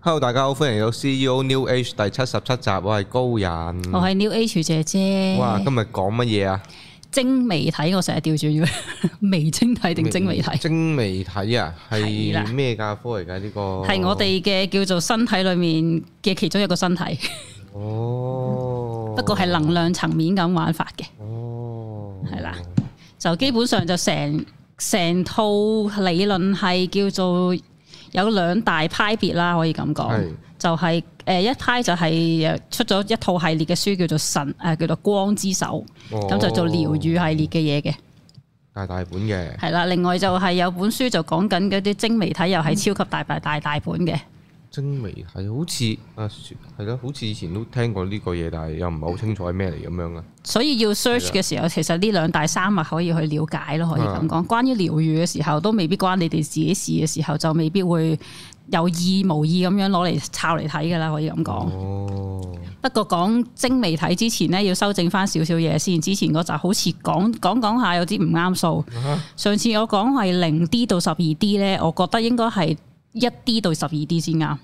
hello，大家好，歡迎嚟到 CEO New Age 第七十七集，我係高人，我係 New Age 姐姐。哇，今日講乜嘢啊？精微體，我成日調轉，微精體定精微體？精微體啊，係咩架構嚟噶？呢個係我哋嘅叫做身體裏面嘅其中一個身體。哦，不過係能量層面咁玩法嘅。哦，係啦，就基本上就成成套理論係叫做。有兩大派別啦，可以咁講，是就係、是、一派就係出咗一套系列嘅書，叫做神、啊、叫做光之手，咁、哦、就做療愈系列嘅嘢嘅，大大本嘅。另外就係有本書就講緊嗰啲精微體，又係超級大大大，大大本嘅。嗯精微係好似啊，係咯，好似以前都聽過呢個嘢，但係又唔係好清楚係咩嚟咁樣啊。所以要 search 嘅時候，的其實呢兩大三物可以去了解咯，可以咁講。關於療愈嘅時候，都未必關你哋自己事嘅時候，就未必會有意無意咁樣攞嚟抄嚟睇噶啦，可以咁講。哦。不過講精微體之前呢，要修正翻少少嘢先。之前嗰集好似講講講下有啲唔啱數。啊、哈上次我講係零 D 到十二 D 呢，我覺得應該係。一 D 到十二 D 先啱，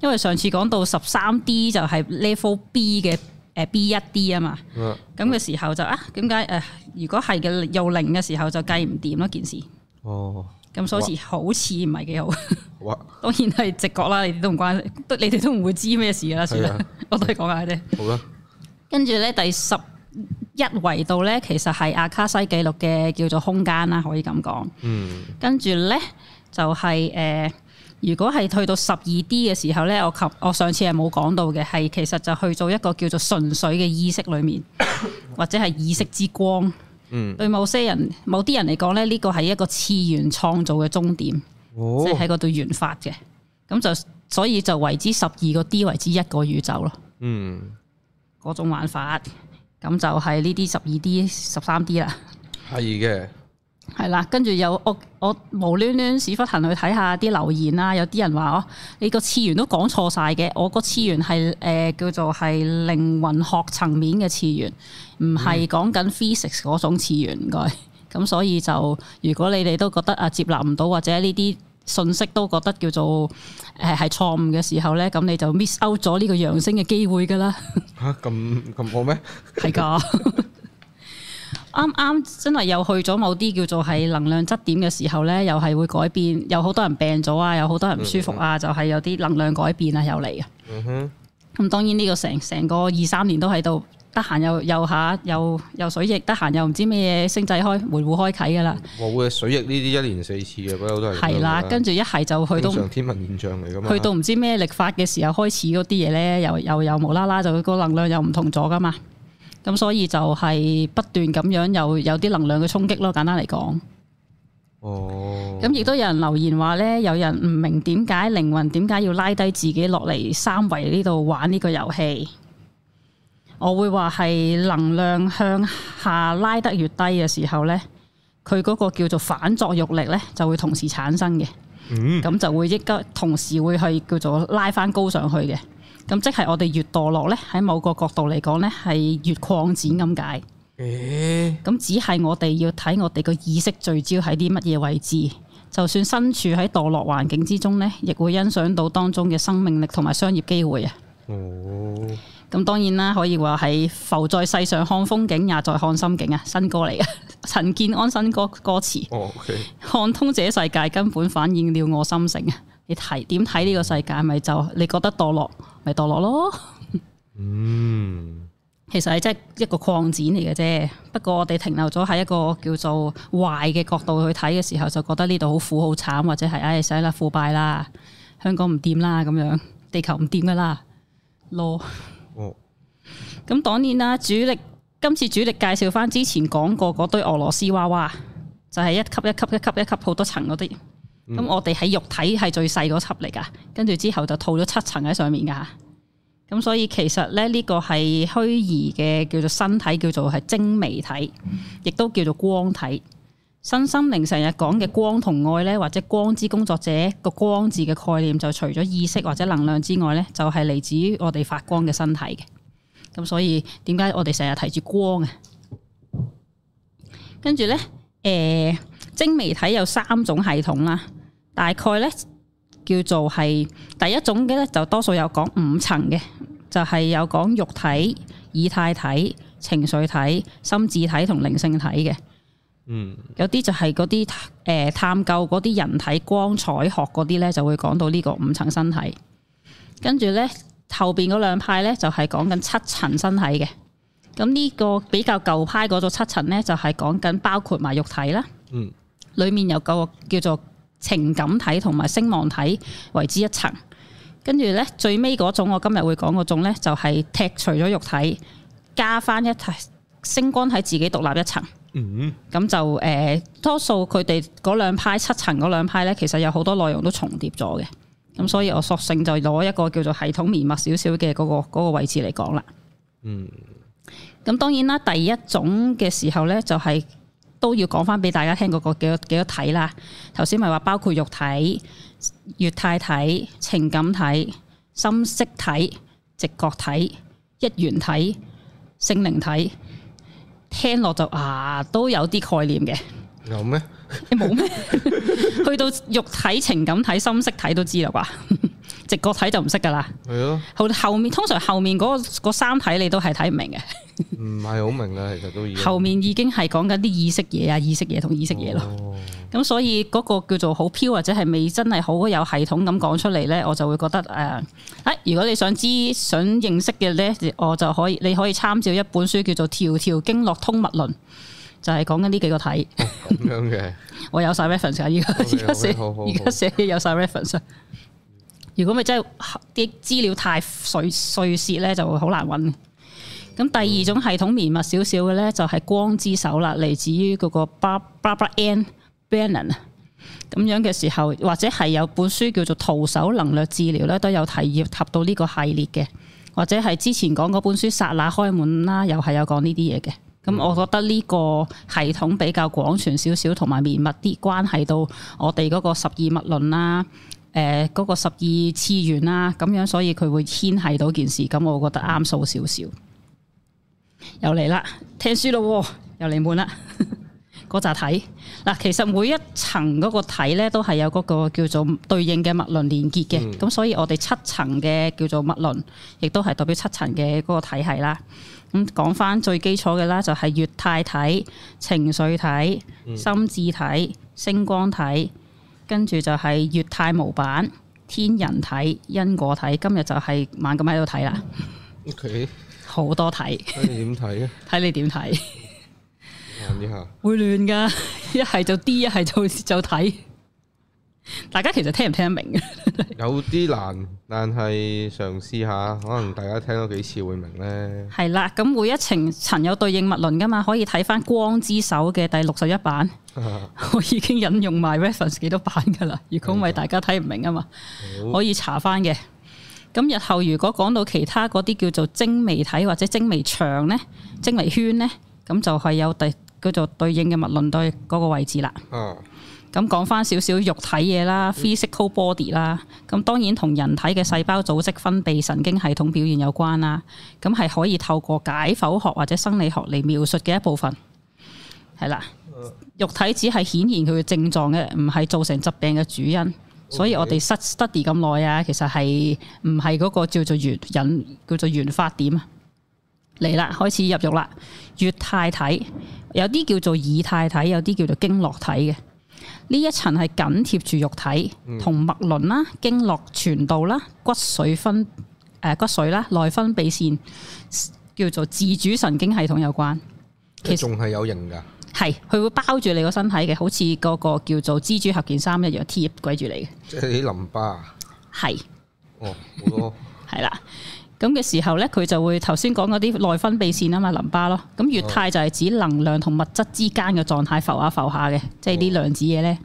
因為上次講到十三 D 就係 level B 嘅誒 B 一 D 啊嘛，咁嘅時候就啊點解誒如果係嘅又零嘅時候就計唔掂咯件事，哦咁所以好似唔係幾好，當然係直覺啦，你哋都唔關，都你哋都唔會知咩事㗎啦算啦，我都係講下啫。好啦，跟住咧第十一維度咧，其實係阿卡西記錄嘅叫做空間啦，可以咁講。嗯，跟住咧就係誒。如果係去到十二 D 嘅時候呢，我及我上次係冇講到嘅，係其實就去做一個叫做純粹嘅意識裡面，或者係意識之光。嗯。對某些人、某啲人嚟講呢，呢個係一個次元創造嘅終點，即係喺嗰度原發嘅。咁就所以就為之十二個 D 為之一個宇宙咯。嗯。嗰種玩法，咁就係呢啲十二 D, D、十三 D 啦。係嘅。係啦，跟住又我我無端端屎忽痕去睇下啲留言啦，有啲人話哦，你個次元都講錯晒嘅，我個次元係誒、呃、叫做係靈魂學層面嘅次元，唔係講緊 physics 嗰種次元，唔該。咁所以就如果你哋都覺得啊接納唔到或者呢啲信息都覺得叫做誒係錯誤嘅時候咧，咁你就 miss out 咗呢個揚升嘅機會噶啦。吓咁咁好咩？係噶。的 啱啱真係又去咗某啲叫做係能量質點嘅時候咧，又係會改變，有好多人病咗啊，有好多人唔舒服啊，就係有啲能量改變啊，又嚟啊。嗯哼。咁當然呢個成成個二三年都喺度，得閒又又下又又水逆，得閒又唔知咩嘢星際開門戶開啟噶啦。會水逆呢啲一年四次嘅，嗰啲都係。係啦，跟住一係就去到。正常天文現象嚟噶嘛。去到唔知咩曆法嘅時候開始嗰啲嘢咧，又又又無啦啦就個能量又唔同咗噶嘛。咁所以就係不斷咁樣有有啲能量嘅衝擊咯，簡單嚟講。哦。咁亦都有人留言話咧，有人唔明點解靈魂點解要拉低自己落嚟三維呢度玩呢個遊戲。我會話係能量向下拉得越低嘅時候咧，佢嗰個叫做反作用力咧就會同時產生嘅。嗯。咁就會即刻同時會係叫做拉翻高上去嘅。咁即係我哋越墮落呢，喺某個角度嚟講呢，係越擴展咁解。誒、欸，咁只係我哋要睇我哋個意識聚焦喺啲乜嘢位置，就算身處喺墮落環境之中呢，亦會欣賞到當中嘅生命力同埋商業機會啊。哦、嗯，咁當然啦，可以話係浮在世上看風景，也在看心境啊。新歌嚟㗎， 陳建安新歌歌詞。哦 okay、看通這世界根本反映了我心性啊。你睇點睇呢個世界，咪就是、你覺得墮落？咪墮落咯，嗯，其實係即係一個擴展嚟嘅啫。不過我哋停留咗喺一個叫做壞嘅角度去睇嘅時候，就覺得呢度好苦好慘，或者係唉，死啦腐敗啦，香港唔掂啦咁樣，地球唔掂噶啦，咯，哦，咁當然啦，主力今次主力介紹翻之前講過嗰堆俄羅斯娃娃，就係一級一級一級一級好多層嗰啲。咁我哋喺肉體係最細嗰層嚟噶，跟住之後就套咗七層喺上面噶吓。咁所以其實咧呢個係虛擬嘅叫做身體，叫做係精微體，亦都叫做光體。新心靈成日講嘅光同愛咧，或者光之工作者個光字嘅概念，就除咗意識或者能量之外咧，就係、是、嚟自於我哋發光嘅身體嘅。咁所以點解我哋成日提住光啊？跟住咧，誒、欸。精微體有三種系統啦，大概咧叫做係第一種嘅咧，就多數有講五層嘅，就係有講肉體、以太體、情緒體、心智體同靈性體嘅。嗯，有啲就係嗰啲誒探究嗰啲人體光彩學嗰啲咧，就會講到呢個五層身體。跟住咧後邊嗰兩派咧就係講緊七層身體嘅。咁呢個比較舊派嗰種七層咧就係講緊包括埋肉體啦。嗯。裏面有個叫做情感體同埋聲望體為之一層，跟住咧最尾嗰種我今日會講嗰種咧，就係剔除咗肉體，加翻一體星光體自己獨立一層。嗯，咁就誒、呃、多數佢哋嗰兩派七層嗰兩派咧，其實有好多內容都重疊咗嘅。咁所以我索性就攞一個叫做系統綿密少少嘅嗰個位置嚟講啦。嗯，咁當然啦，第一種嘅時候咧就係、是。都要講翻俾大家聽個個幾多幾多體啦，頭先咪話包括肉體、月態體、情感體、心識體、直覺體、一元體、性靈體，聽落就啊都有啲概念嘅。有咩嗎？你冇咩？ 去到肉體、情感體、心識體都知啦啩。直覺睇就唔識噶啦，係咯。後面通常後面嗰三體你都係睇唔明嘅，唔係好明啊。其實都已經後面已經係講緊啲意識嘢啊，意識嘢同意識嘢咯。咁所以嗰個叫做好飄或者係未真係好有系統咁講出嚟咧，我就會覺得誒，誒、呃、如果你想知想認識嘅咧，我就可以你可以參照一本書叫做《條條經絡通物論》，就係講緊呢幾個體咁、哦、樣嘅。 我有晒 reference，而家而家寫，而家寫有晒 reference。如果咪真係啲資料太碎碎屑咧，就會好難揾。咁第二種系統綿密少少嘅咧，就係光之手啦，嚟自於嗰個 Barbara Ann Brennan。咁樣嘅時候，或者係有本書叫做《徒手能量治療》咧，都有提及到呢個系列嘅。或者係之前講嗰本書《剎那開門》啦，又係有講呢啲嘢嘅。咁我覺得呢個系統比較廣傳少少，同埋綿密啲，關係到我哋嗰個十二物論啦。誒嗰、呃那個十二次元啦，咁樣所以佢會牽係到件事，咁我覺得啱數少少。又嚟啦，聽書咯，又嚟悶啦。嗰集睇嗱，其實每一層嗰個體咧，都係有嗰個叫做對應嘅物輪連結嘅，咁、嗯、所以我哋七層嘅叫做物輪，亦都係代表七層嘅嗰個體系啦。咁講返最基礎嘅啦，就係乙太體、情緒體、心智體、星光體。跟住就係乙太模板、天人體、因果體，今日就係猛咁喺度睇啦。OK，好多體。睇你點睇啊？睇你點睇？會亂噶，一係就 D，一係就就睇。大家其實聽唔聽得明嘅？ 有啲難，但係嘗試下，可能大家聽咗幾次會明咧。係啦，咁每一程，層有對應物論噶嘛，可以睇翻《光之手》嘅第六十一版。 我已經引用埋 reference 幾多版噶啦，如果唔係大家睇唔明啊嘛， 可以查翻嘅。咁日後如果講到其他嗰啲叫做精微體或者精微長咧、精微圈咧，咁就係有對叫做對應嘅物論對嗰個位置啦。嗯。 咁講翻少少肉體嘢啦，physical body 啦。咁當然同人體嘅細胞組織分泌、神經系統表現有關啦。咁係可以透過解剖學或者生理學嚟描述嘅一部分係啦。肉體只係顯現佢嘅症狀嘅，唔係造成疾病嘅主因。所以我哋 study 咁耐啊，其實係唔係嗰個叫做原引叫做原發點嚟啦。開始入肉啦，月太體有啲叫做以太體，有啲叫做經絡體嘅。呢一層係緊貼住肉體，同脈輪啦、經絡傳導啦、骨髓分誒、呃、骨髓啦、內分泌腺叫做自主神經系統有關。其實仲係有形㗎，係佢會包住你個身體嘅，好似嗰個叫做蜘蛛俠件衫一樣貼住你嘅。即係啲淋巴係是哦，好多係 啦。咁嘅時候咧，佢就會頭先講嗰啲內分泌腺啊嘛，淋巴咯。咁液態就係指能量同物質之間嘅狀態浮下浮下嘅，即係啲量子嘢咧。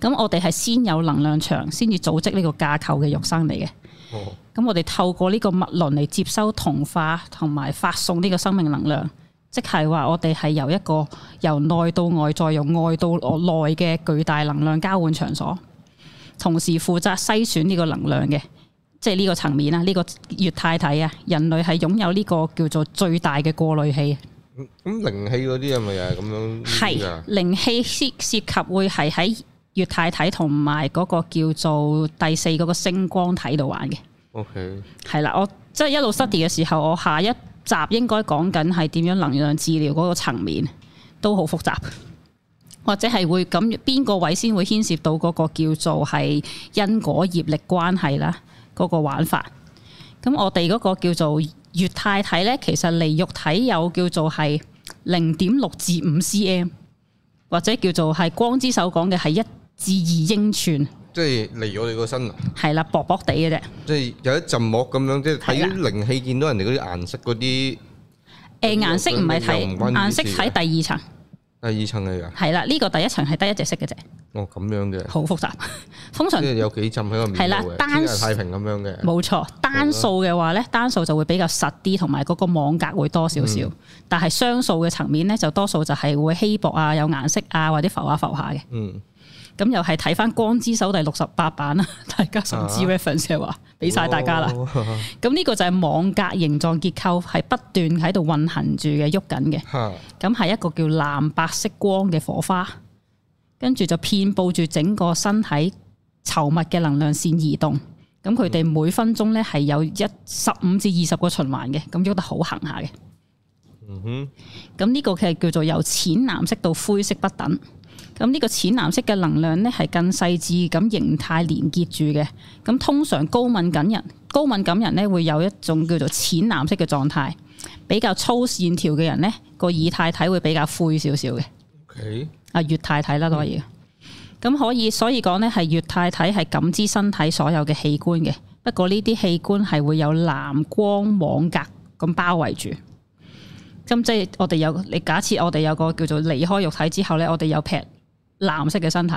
咁、哦、我哋係先有能量場，先至組織呢個架構嘅肉身嚟嘅。哦。咁我哋透過呢個物輪嚟接收同化，同埋發送呢個生命能量，即係話我哋係由一個由內到外再由外到內嘅巨大能量交換場所，同時負責篩選呢個能量嘅。即係呢個層面啦，呢、這個月太體啊，人類係擁有呢個叫做最大嘅過濾器。咁靈氣嗰啲係咪啊咁樣嚟噶？係靈氣涉涉及會係喺月太體同埋嗰個叫做第四嗰個星光體度玩嘅。O K。係啦，我即係一路失 t 嘅時候，我下一集應該講緊係點樣能量治療嗰個層面都好複雜，或者係會咁邊個位先會牽涉到嗰個叫做係因果業力關係啦。嗰個玩法，咁我哋嗰個叫做乙太體咧，其實離肉體有叫做係零點六至五 cm，或者叫做係光之手講嘅係一至二英寸，即係離我哋個身，係啦，薄薄地嘅啫，即係有一陣膜咁樣，即係睇啲靈氣見到人哋嗰啲顏色嗰啲，誒的顏色唔係睇顏色，睇第二層。第二層嚟噶，係啦，呢個第一層係得一隻色嘅啫。哦，咁樣嘅，好複雜，通常即係有幾浸喺個面度，係啦，單數太平咁樣嘅。冇錯，單數嘅話咧，的單數就會比較實啲，同埋嗰個網格會多少少。嗯、但係雙數嘅層面咧，就多數就係會稀薄啊，有顏色啊，或者浮下浮下嘅。嗯。咁又係睇翻光之手第六十八版啦，大家想知 reference 嘅話，俾晒大家啦。咁呢、哦、個就係網格形狀結構，係不斷喺度運行住嘅，喐緊嘅。咁係、啊、一個叫藍白色光嘅火花，跟住就遍布住整個身體稠密嘅能量線移動。咁佢哋每分鐘咧係有一十五至二十個循環嘅，咁喐得好行下嘅。嗯哼。咁呢個佢係叫做由淺藍色到灰色不等。咁呢個淺藍色嘅能量呢，係更細緻咁形態連結住嘅。咁通常高敏感人，高敏感人呢，會有一種叫做淺藍色嘅狀態，比較粗線條嘅人呢，個以太體會比較灰少少嘅。O Okay . K，啊乙太體啦都可以。咁 Okay. 可以，所以講呢，係乙太體係感知身體所有嘅器官嘅。不過呢啲器官係會有藍光網格咁包圍住。咁即係我哋有你假設我哋有個叫做離開肉體之後咧，我哋有劈藍色嘅身體、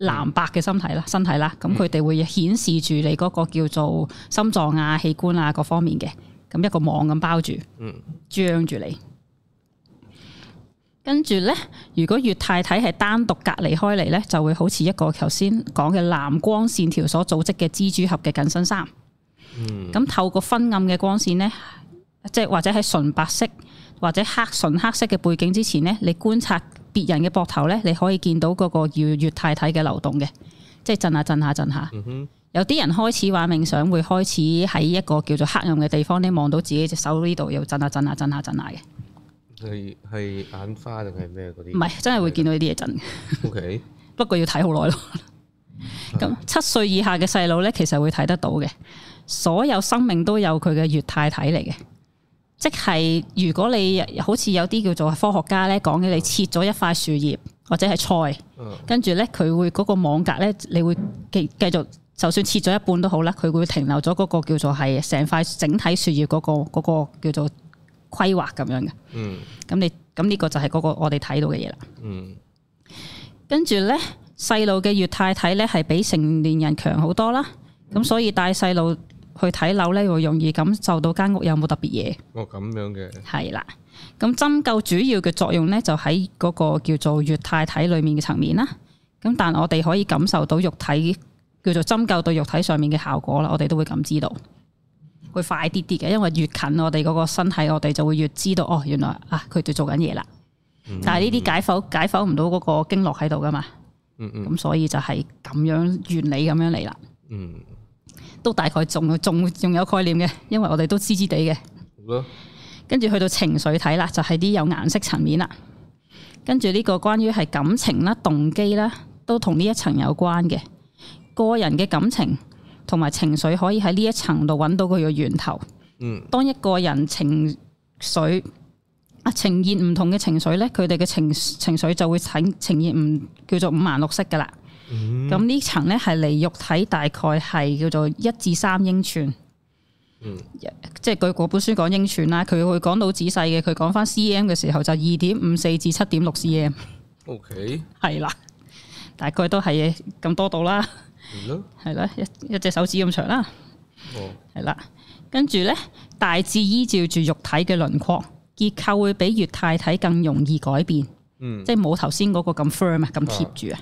藍白嘅身體啦，身體啦。咁佢哋會顯示住你嗰個叫做心臟啊、器官啊各方面嘅咁一個網咁包住，嗯，張住你。跟住咧，如果乙太體係單獨隔離開嚟咧，就會好似一個頭先講嘅藍光線條所組織嘅蜘蛛俠嘅緊身衫。咁、嗯、透過昏暗嘅光線咧，即係或者係純白色。或者黑純黑色嘅背景之前呢，你觀察別人嘅膊頭呢，你可以見到嗰個叫乙，乙太體嘅流動嘅，即係震下震下震下。嗯、哼有啲人開始玩冥想，會開始喺一個叫做黑暗嘅地方呢，望到自己隻手呢度又震下震下震下震下嘅。係係眼花定係咩嗰啲？唔係真係會見到呢啲嘢震。O K，的 不過要睇好耐咯。咁 七歲以下嘅細路呢，其實會睇得到嘅。所有生命都有佢嘅乙太體嚟嘅。即係如果你好似有啲叫做科學家咧講嘅，你切咗一塊樹葉或者係菜，跟住咧佢會嗰個網格咧，你會繼繼續，就算切咗一半都好啦，佢會停留咗嗰個叫做係成塊整體樹葉嗰、嗰個嗰個叫做規劃咁樣嘅。嗯，咁你咁呢個就係嗰個我哋睇到嘅嘢啦。嗯，跟住咧細路嘅月太體咧係比成年人強好多啦，咁、嗯、所以帶細路。去睇樓咧，會容易感受到間屋有冇特別嘢。哦，咁樣嘅。係啦，咁針灸主要嘅作用咧，就喺嗰個叫做以太體裡面嘅層面啦。咁但係我哋可以感受到肉體叫做針灸到肉體上面嘅效果啦，我哋都會咁知道，會快啲啲嘅。因為越近我哋嗰個身體，我哋就會越知道哦，原來啊佢哋做緊嘢啦。嗯嗯，但係呢啲解剖解剖唔到嗰個經絡喺度噶嘛。嗯嗯。咁所以就係咁樣原理咁樣嚟啦。嗯。都大概仲仲仲有概念嘅，因為我哋都知知地嘅。好啦，跟住去到情緒體啦，就係啲有顏色層面啦。跟住呢個關於係感情啦、動機啦，都同呢一層有關嘅。個人嘅感情同埋情緒可以喺呢一層度揾到佢嘅源頭。嗯，當一個人情緒啊呈現唔同嘅情緒呢，佢哋嘅情情緒就會呈現呈現唔叫做五顏六色噶啦。咁、嗯、呢層咧係離肉體，大概係叫做一至三英寸。嗯、即係佢嗰本書講英寸啦，佢會講到仔細嘅，佢講翻 cm 嘅時候，就二點五四至七點六 cm，ok，係啦，大概都係咁多度啦，係咯、嗯，係啦，一一隻手指咁長啦，哦，係啦，跟住咧大致依照住肉體嘅輪廓，結構會比月太體更容易改變。即係冇頭先嗰個咁 firm 啊，咁貼住啊，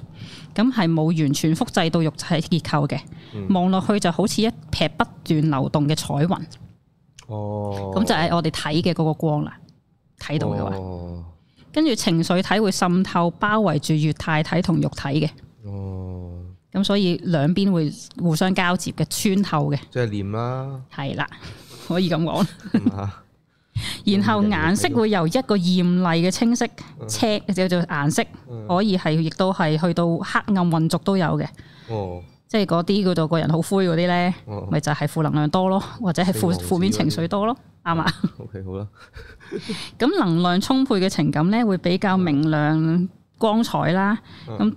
咁係冇完全複製到肉體結構嘅，望落、嗯、去就好似一撇不斷流動嘅彩雲。哦，咁就係我哋睇嘅嗰個光啦，睇到嘅話，跟住、哦、情緒體會滲透包圍住月太體同肉體嘅。哦，咁所以兩邊會互相交接嘅穿透嘅，即係念啦。係啦，可以咁講。然後顏色會由一個艷麗嘅清晰，車叫做顏色，可以係亦都係去到黑暗渾濁都有嘅。即係嗰啲叫做個人好灰嗰啲咧，咪就係負能量多咯，或者係負負面情緒多咯，啱嘛？OK，好啦。咁能量充沛嘅情感咧，會比較明亮光彩啦。咁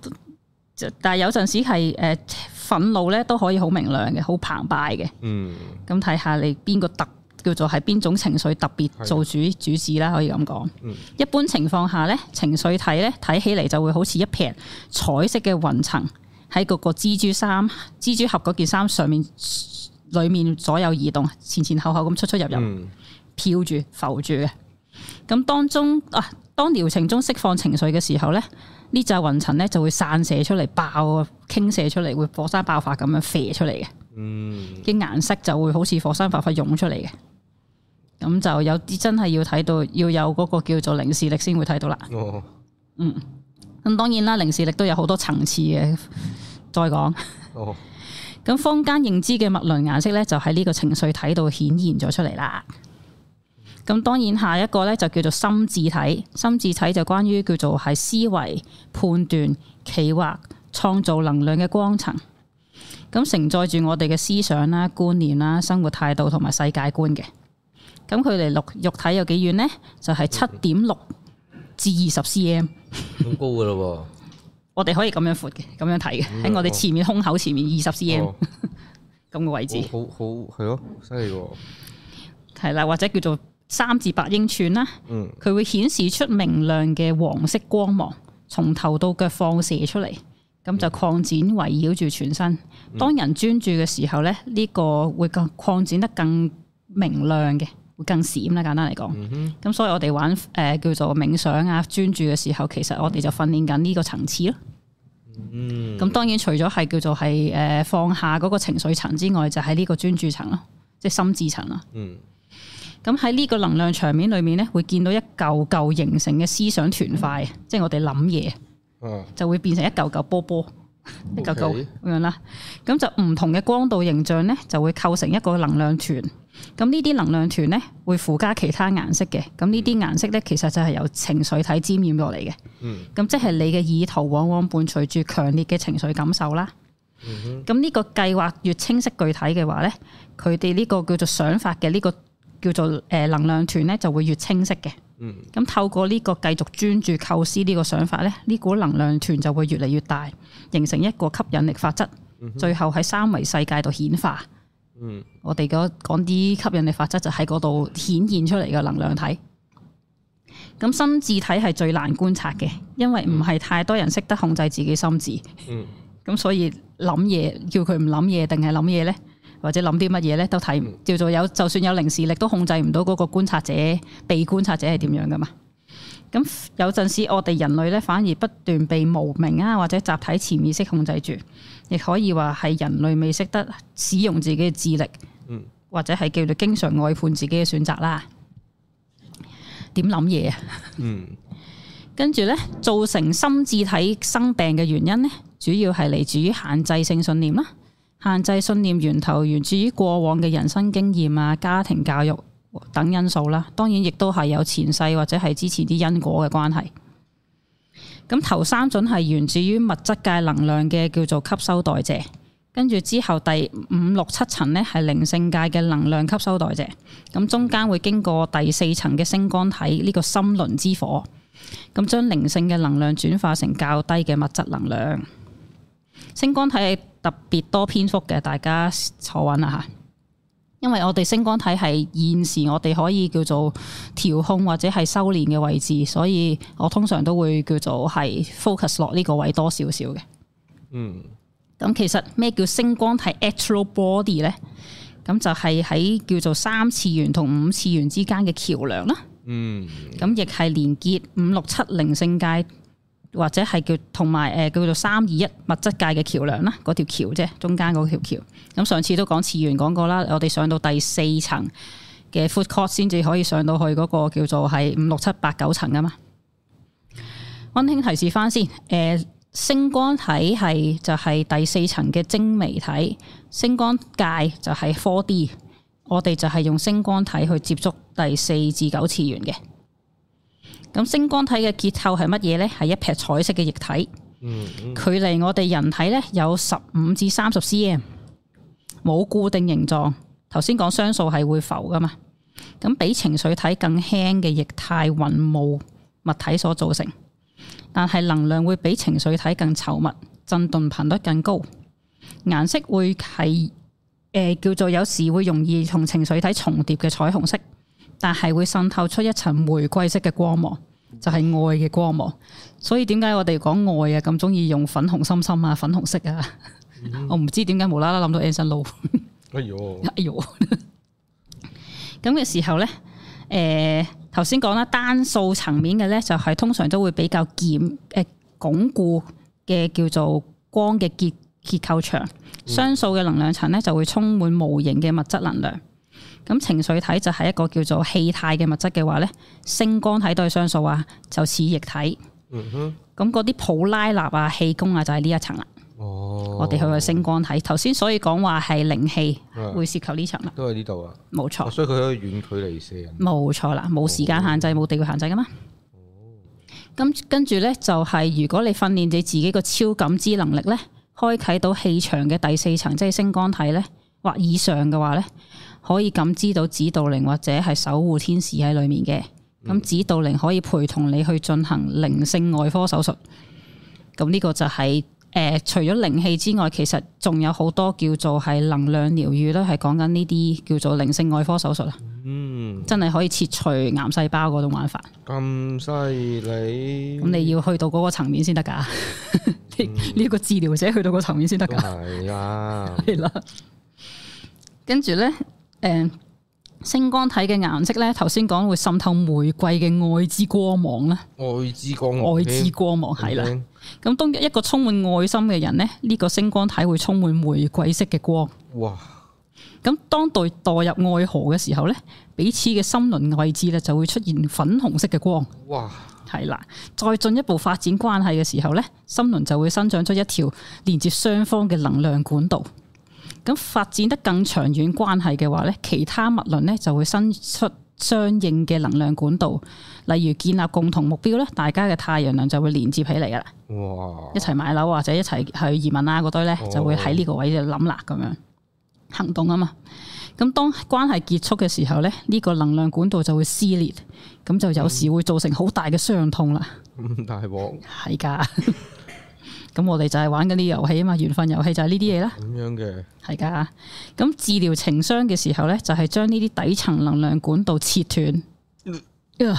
但係有陣時係誒憤怒咧，都可以好明亮嘅，好澎湃嘅。嗯。咁睇下你邊個得。叫做係邊種情緒特別做主的主旨啦，可以咁講。嗯、一般情況下咧，情緒體咧睇起嚟就會好似一片彩色嘅雲層喺嗰個蜘蛛衫、蜘蛛俠嗰件衫上面、裏面左右移動、前前後後咁出出入入，飄、嗯、住、浮住嘅。咁當中啊，當療程中釋放情緒嘅時候咧，呢隻雲層咧就會散射出嚟、爆傾瀉出嚟，會火山爆發咁樣射出嚟嘅。嗯，啲顏色就會好似火山爆發湧出嚟嘅，咁就有啲真係要睇到，要有嗰個叫做靈視力先會睇到啦。哦，嗯，咁當然啦，靈視力都有好多層次嘅，再講。哦，咁坊間認知嘅脈輪顏色咧，就喺呢個情緒體度顯現咗出嚟啦。咁當然下一個咧就叫做心智體，心智體就關於叫做係思維、判斷、企劃、創造能量嘅光層。咁承載住我哋嘅思想啦、觀念啦、生活態度同埋世界觀嘅。咁距離六肉體有幾遠呢？就係七點六至二十 cm。咁 高噶咯， 我哋可以咁樣闊嘅，咁樣睇嘅，喺我哋前面、哦、胸口前面二十 cm 咁嘅、哦、 位置。好好係咯，犀利喎。係啦、哦，哦、或者叫做三至八英寸啦。佢、嗯、會顯示出明亮嘅黃色光芒，從頭到腳放射出嚟。咁就擴展圍繞住全身。當人專注嘅時候咧，呢、這個會更擴展得更明亮嘅，會更閃啦。簡單嚟講，咁、嗯、哼所以我哋玩誒、呃、叫做冥想啊、專注嘅時候，其實我哋就訓練緊呢個層次咯。嗯。咁當然除咗係叫做係誒放下嗰個情緒層之外，就喺、是、呢個專注層咯，即係心智層啦。嗯。咁喺呢個能量場面裏面咧，會見到一嚿嚿形成嘅思想團塊，即、就、係、是、我哋諗嘢。就會變成一嚿嚿波波，Okay. 一嚿嚿咁樣啦。咁就唔同嘅光度形象咧，就會構成一個能量團。咁呢啲能量團咧，會附加其他顏色嘅。咁呢啲顏色咧，其實就係由情緒體沾染落嚟嘅。嗯，咁即係你嘅意圖，往往伴隨住強烈嘅情緒感受啦。嗯，咁呢個計劃越清晰具體嘅話咧，佢哋呢個叫做想法嘅呢個叫做誒能量團咧，就會越清晰嘅。咁透過呢個繼續專注構思呢個想法咧，呢股能量團就會越嚟越大，形成一個吸引力法則，最後喺三維世界度顯化。嗯，我哋講啲吸引力法則就喺嗰度顯現出嚟嘅能量體。咁心智體係最難觀察嘅，因為唔係太多人識得控制自己心智。咁所以諗嘢叫佢唔諗嘢定係諗嘢咧？或者諗啲乜嘢咧，都睇唔到，叫做有，就算有靈視力，都控制唔到嗰個觀察者、被觀察者係點樣噶嘛？咁有陣時，我哋人類咧反而不斷被無名啊，或者集體潛意識控制住，亦可以話係人類未識得使用自己嘅智力，嗯、或者係叫做經常外判自己嘅選擇啦。點諗嘢啊？嗯，跟呢，跟住咧造成心智體生病嘅原因咧，主要係嚟自於限制性信念啦。限制信念源頭源自於過往嘅人生經驗啊、家庭教育等因素啦，當然亦都係有前世或者係之前啲因果嘅關係。咁頭三准係源自於物質界能量嘅叫做吸收代謝，跟住之後第五六七層呢係靈性界嘅能量吸收代謝，咁中間會經過第四層嘅星光體呢、呢個心輪之火，咁將靈性嘅能量轉化成較低嘅物質能量，星光體。特別多篇幅嘅，大家坐穩啦嚇。因為我哋星光體係現時我哋可以叫做調控或者係修練嘅位置，所以我通常都會叫做係 focus 落呢個位多少少嘅。嗯。咁其實咩叫星光體、嗯、atro body 呢？咁就係喺叫做三次元同五次元之間嘅橋梁啦。嗯。咁亦係連結五六七零星界。或者係叫同埋誒叫做三二一物質界嘅橋梁啦，嗰條橋啫，中間嗰條橋。咁上次都講次元講過啦，我哋上到第四層嘅 foot court 先至可以上到去嗰個叫做係五六七八九層㗎嘛。溫馨提示翻先，誒、呃、星光體係就係、是、第四層嘅精微體，星光界就係 four D，我哋就係用星光體去接觸第四至九次元嘅。咁星光體嘅結構係乜嘢咧？係一撇彩色嘅液體。距離我哋人體咧有十五至三十 CM。冇固定形狀。頭先講雙數係會浮噶嘛？咁比情緒體更輕嘅液態雲霧物體所造成，但係能量會比情緒體更稠密，震動頻率更高，顏色會係誒、呃，叫做有時會容易同情緒體重疊嘅彩虹色，但係會滲透出一層玫瑰色嘅光芒，就係、是、愛嘅光芒。所以點解我哋講愛啊咁中意用粉紅心心啊、粉紅色啊？嗯、哼我唔知點解無啦啦諗到 Anson Lo。 哎呦，哎呦！咁 嘅時候咧，誒、呃，頭先講啦，單數層面嘅咧就係通常都會比較簡誒鞏固嘅叫做光嘅結結構牆，雙數嘅能量層咧就會充滿無形嘅物質能量。咁情緒體就係一個叫做氣態嘅物質嘅話呢，星光體都係雙數啊，就似液體。嗯哼，咁嗰啲普拉納啊、氣功啊，就係、是、呢一層啦。哦，我哋去個星光體頭先，所以講話係靈氣會涉及呢層啦，都係呢度啊，冇錯。所以佢可以遠距離射人，冇錯啦，冇時間限制，冇、哦、地域限制噶嘛。哦，咁跟住呢，就係、是、如果你訓練你自己個超感知能力呢，開啟到氣場嘅第四層，即係星光體呢，或以上嘅話呢。可以感知到指導靈或者係守護天使喺裏面嘅，咁指導靈可以陪同你去進行靈性外科手術。咁呢個就係、是、誒、呃，除咗靈氣之外，其實仲有好多叫做係能量療癒都係講緊呢啲叫做靈性外科手術啊。嗯，真係可以切除癌細胞嗰種玩法。咁犀利！咁你要去到嗰個層面先得噶。呢個治療者去到嗰個層面先得噶。係 啊。係啦。 跟住咧。誒、嗯，星光體嘅顏色咧，頭先講會滲透玫瑰嘅愛之光芒啦，愛之光，愛之光芒係啦。咁當一個充滿愛心嘅人咧，呢、這個星光體會充滿玫瑰色嘅光。哇！咁當對墮入愛河嘅時候咧，彼此嘅心輪位置咧就會出現粉紅色嘅光。哇！係啦，再進一步發展關係嘅時候咧，心輪就會生長出一條連接雙方嘅能量管道。咁發展得更長遠關係嘅話咧，其他物輪咧就會伸出相應嘅能量管道，例如建立共同目標咧，大家嘅太陽能就會連接起嚟噶啦，哇一齊買樓或者一齊去移民啊嗰堆咧就會喺呢個位就諗啦，咁樣、哦、行動啊嘛。咁當關係結束嘅時候咧，呢、呢個能量管道就會撕裂，咁就有時會造成好大嘅傷痛啦。咁、嗯嗯、大鑊係㗎。 的 咁我哋就係玩緊啲遊戲啊嘛，緣分遊戲就係呢啲嘢啦。咁樣嘅係噶，咁治療情傷嘅時候咧，就係、是、將呢啲底層能量管道切斷。嗯呃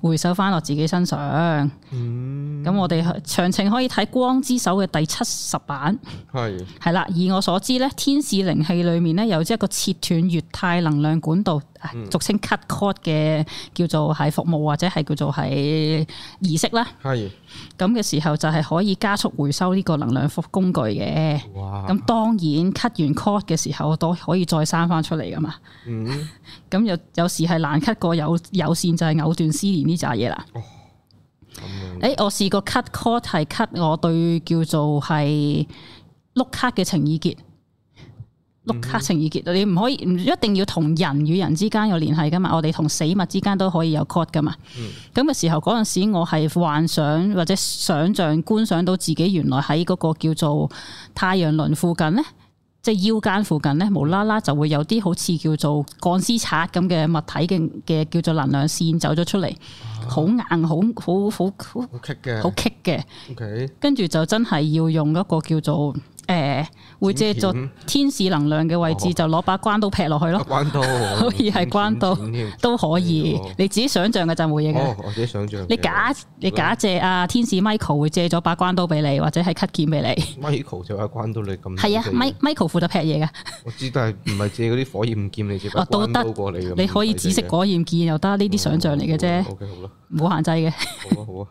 回收翻落自己身上，咁、嗯、我哋詳情可以睇《光之手》嘅第七十版，係係啦。以我所知咧，《天使靈氣》裏面咧有即係一個切斷乙太能量管道，嗯、俗稱 cut cord 嘅，叫做喺服務或者係叫做喺儀式啦。係咁嘅時候就係可以加速回收呢個能量復工具嘅。哇！咁當然 cut 完 cord 嘅時候都可以再生翻出嚟噶嘛。嗯。咁有有時係難 cut 過，有有線就係藕斷絲連呢扎嘢啦。誒、哦嗯欸，我試過 cut call 係 cut 我對叫做係碌卡嘅情意結，碌卡情意結、嗯、哼你唔可以唔一定要同人與人之間有聯繫噶嘛，我哋同死物之間都可以有 cut 噶嘛。咁嘅、嗯、時候嗰陣時我係幻想或者想象觀想到自己原來喺嗰個叫做太陽輪附近咧。即腰間附近咧，無啦啦就會有啲好似叫做鋼絲刷咁嘅物體嘅嘅叫做能量線走咗出嚟，好、啊、硬，好好好好好嘅，好棘嘅，OK，跟住就真係要用一個叫做。誒，會借助天使能量嘅位置，就攞把關刀劈落去咯。關刀可以係關刀都可以，你自己想象嘅就冇嘢嘅。哦，我自己想象。你假你假借阿天使 Michael 會借咗把關刀俾你，或者係 cut 劍俾你。Michael 就係關刀，你咁係啊？Mic Michael 負責劈嘢嘅。我知，但係唔係借嗰啲火焰劍嚟啫。哦，都得。你可以紫色火焰劍又得，呢啲想象嚟嘅啫。O K，好啦。冇限制嘅，好啊好啊。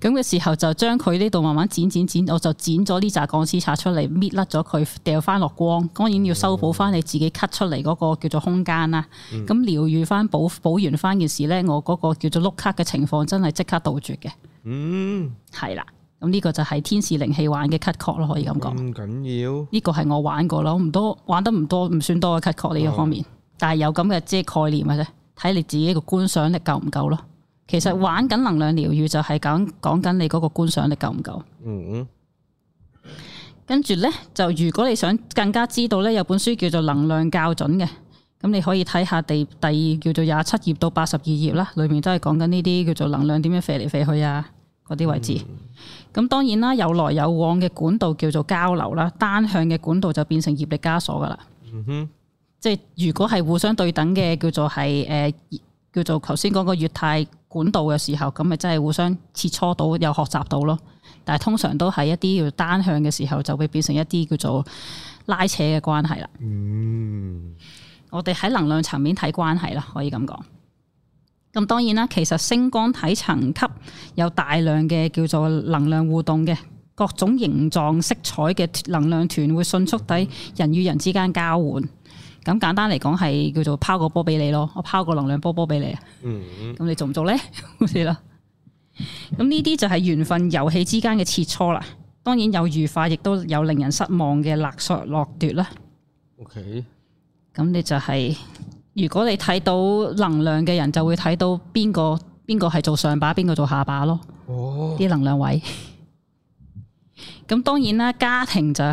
咁嘅時候就將佢呢度慢慢剪剪剪，我就剪咗呢紮鋼絲刷出嚟，搣甩咗佢，掉翻落光。當然要修補翻你自己 cut 出嚟嗰個叫做空間啦。咁療愈翻補補完翻件事咧，我嗰個叫做碌卡嘅情況真係即刻杜絕嘅。嗯，係啦。咁呢個就係天使靈氣玩嘅 cut cord 咯，可以咁講。唔緊要，呢個係我玩過咯，唔多玩得唔多，唔算多嘅 cut cord 呢個方面。但係有咁嘅即係概念嘅啫，睇你自己個觀賞力夠唔夠咯。其實玩緊能量療愈就係講講緊你嗰個觀賞力夠唔夠？嗯，跟住咧就如果你想更加知道咧，有本書叫做《能量校準》嘅，咁你可以睇下第第二叫做廿七頁到八十二頁啦，裏面都係講緊呢啲叫做能量點樣飛嚟飛去啊，嗰啲位置。咁、嗯、當然啦，有來有往嘅管道叫做交流啦，單向嘅管道就變成業力枷鎖噶啦。嗯、哼，即係如果係互相對等嘅，叫做係誒叫做頭先講個月態管道嘅時候，咁咪真係互相切磋到，又學習到咯。但係通常都係一啲要單向嘅時候，就會變成一啲叫做拉扯嘅關係啦。嗯，我哋喺能量層面睇關係啦，可以咁講。咁當然啦，其實星光體層級有大量嘅叫做能量互動嘅各種形狀、色彩嘅能量團，會迅速喺人與人之間交換。咁簡單嚟講係叫做拋個波俾你咯，我拋個能量波波俾你，咁、嗯、你做唔做咧？咁呢啲就係緣分遊戲之間嘅切磋啦。當然有愉快，亦都有令人失望嘅勒索落奪啦。OK，咁你就係、是、如果你睇到能量嘅人，就會睇到邊個邊個係做上把，邊個做下把咯。哦，啲能量位。咁 當然啦，家庭就，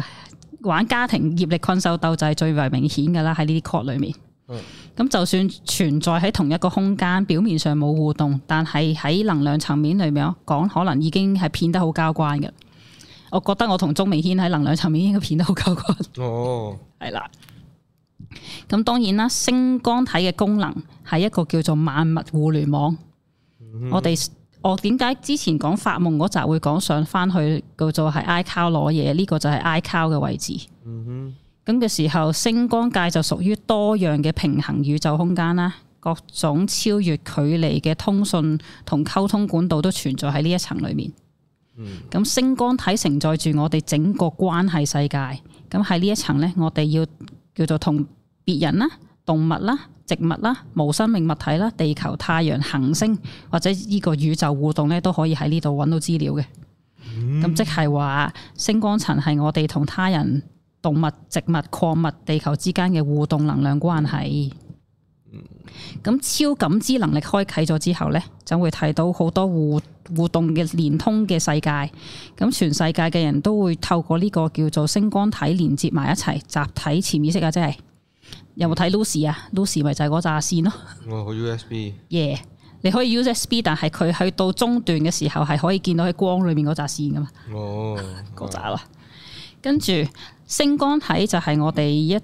玩家庭業力困獸鬥就係最為明顯嘅啦，喺呢啲 c 裏面。咁、嗯、就算存在喺同一個空間，表面上冇互動，但係喺能量層面裏面哦，講可能已經係騙得好交關嘅。我覺得我同鍾明軒喺能量層面應該騙得好交關。哦，係啦 咁當然啦，星光體嘅功能係一個叫做萬物互聯網。嗯、哼我哋。我點解之前講發夢嗰集會講上翻去叫做係埃卡攞嘢？呢個就係埃卡嘅位置。嗯哼。咁嘅時候，星光界就屬於多樣嘅平衡宇宙空間啦，各種超越距離嘅通訊同溝通管道都存在喺呢一層裡面。嗯。咁星光體承載住我哋整個關係世界。咁喺呢一層咧，我哋要叫做同別人啦、動物啦、植物啦、無生命物體啦、地球、太陽、行星或者呢個宇宙互動咧，都可以喺呢度揾到資料嘅。咁、嗯、即係話，星光層係我哋同他人、動物、植物、礦物、地球之間嘅互動能量關係。咁、嗯、超感知能力開啟咗之後咧，就會睇到好多互互動嘅連通嘅世界。咁全世界嘅人都會透過呢個叫做星光體連接埋一齊，集體潛意識啊，即係。有冇睇 Luc、啊、Lucy 啊？Lucy 咪就係嗰扎線咯。哦，USB。耶，yeah，你可以 USB，但係佢去到中段嘅時候，係可以見到喺光裏面嗰扎線噶、啊、嘛？哦，嗰扎啦。跟住、嗯、星光體就係我哋一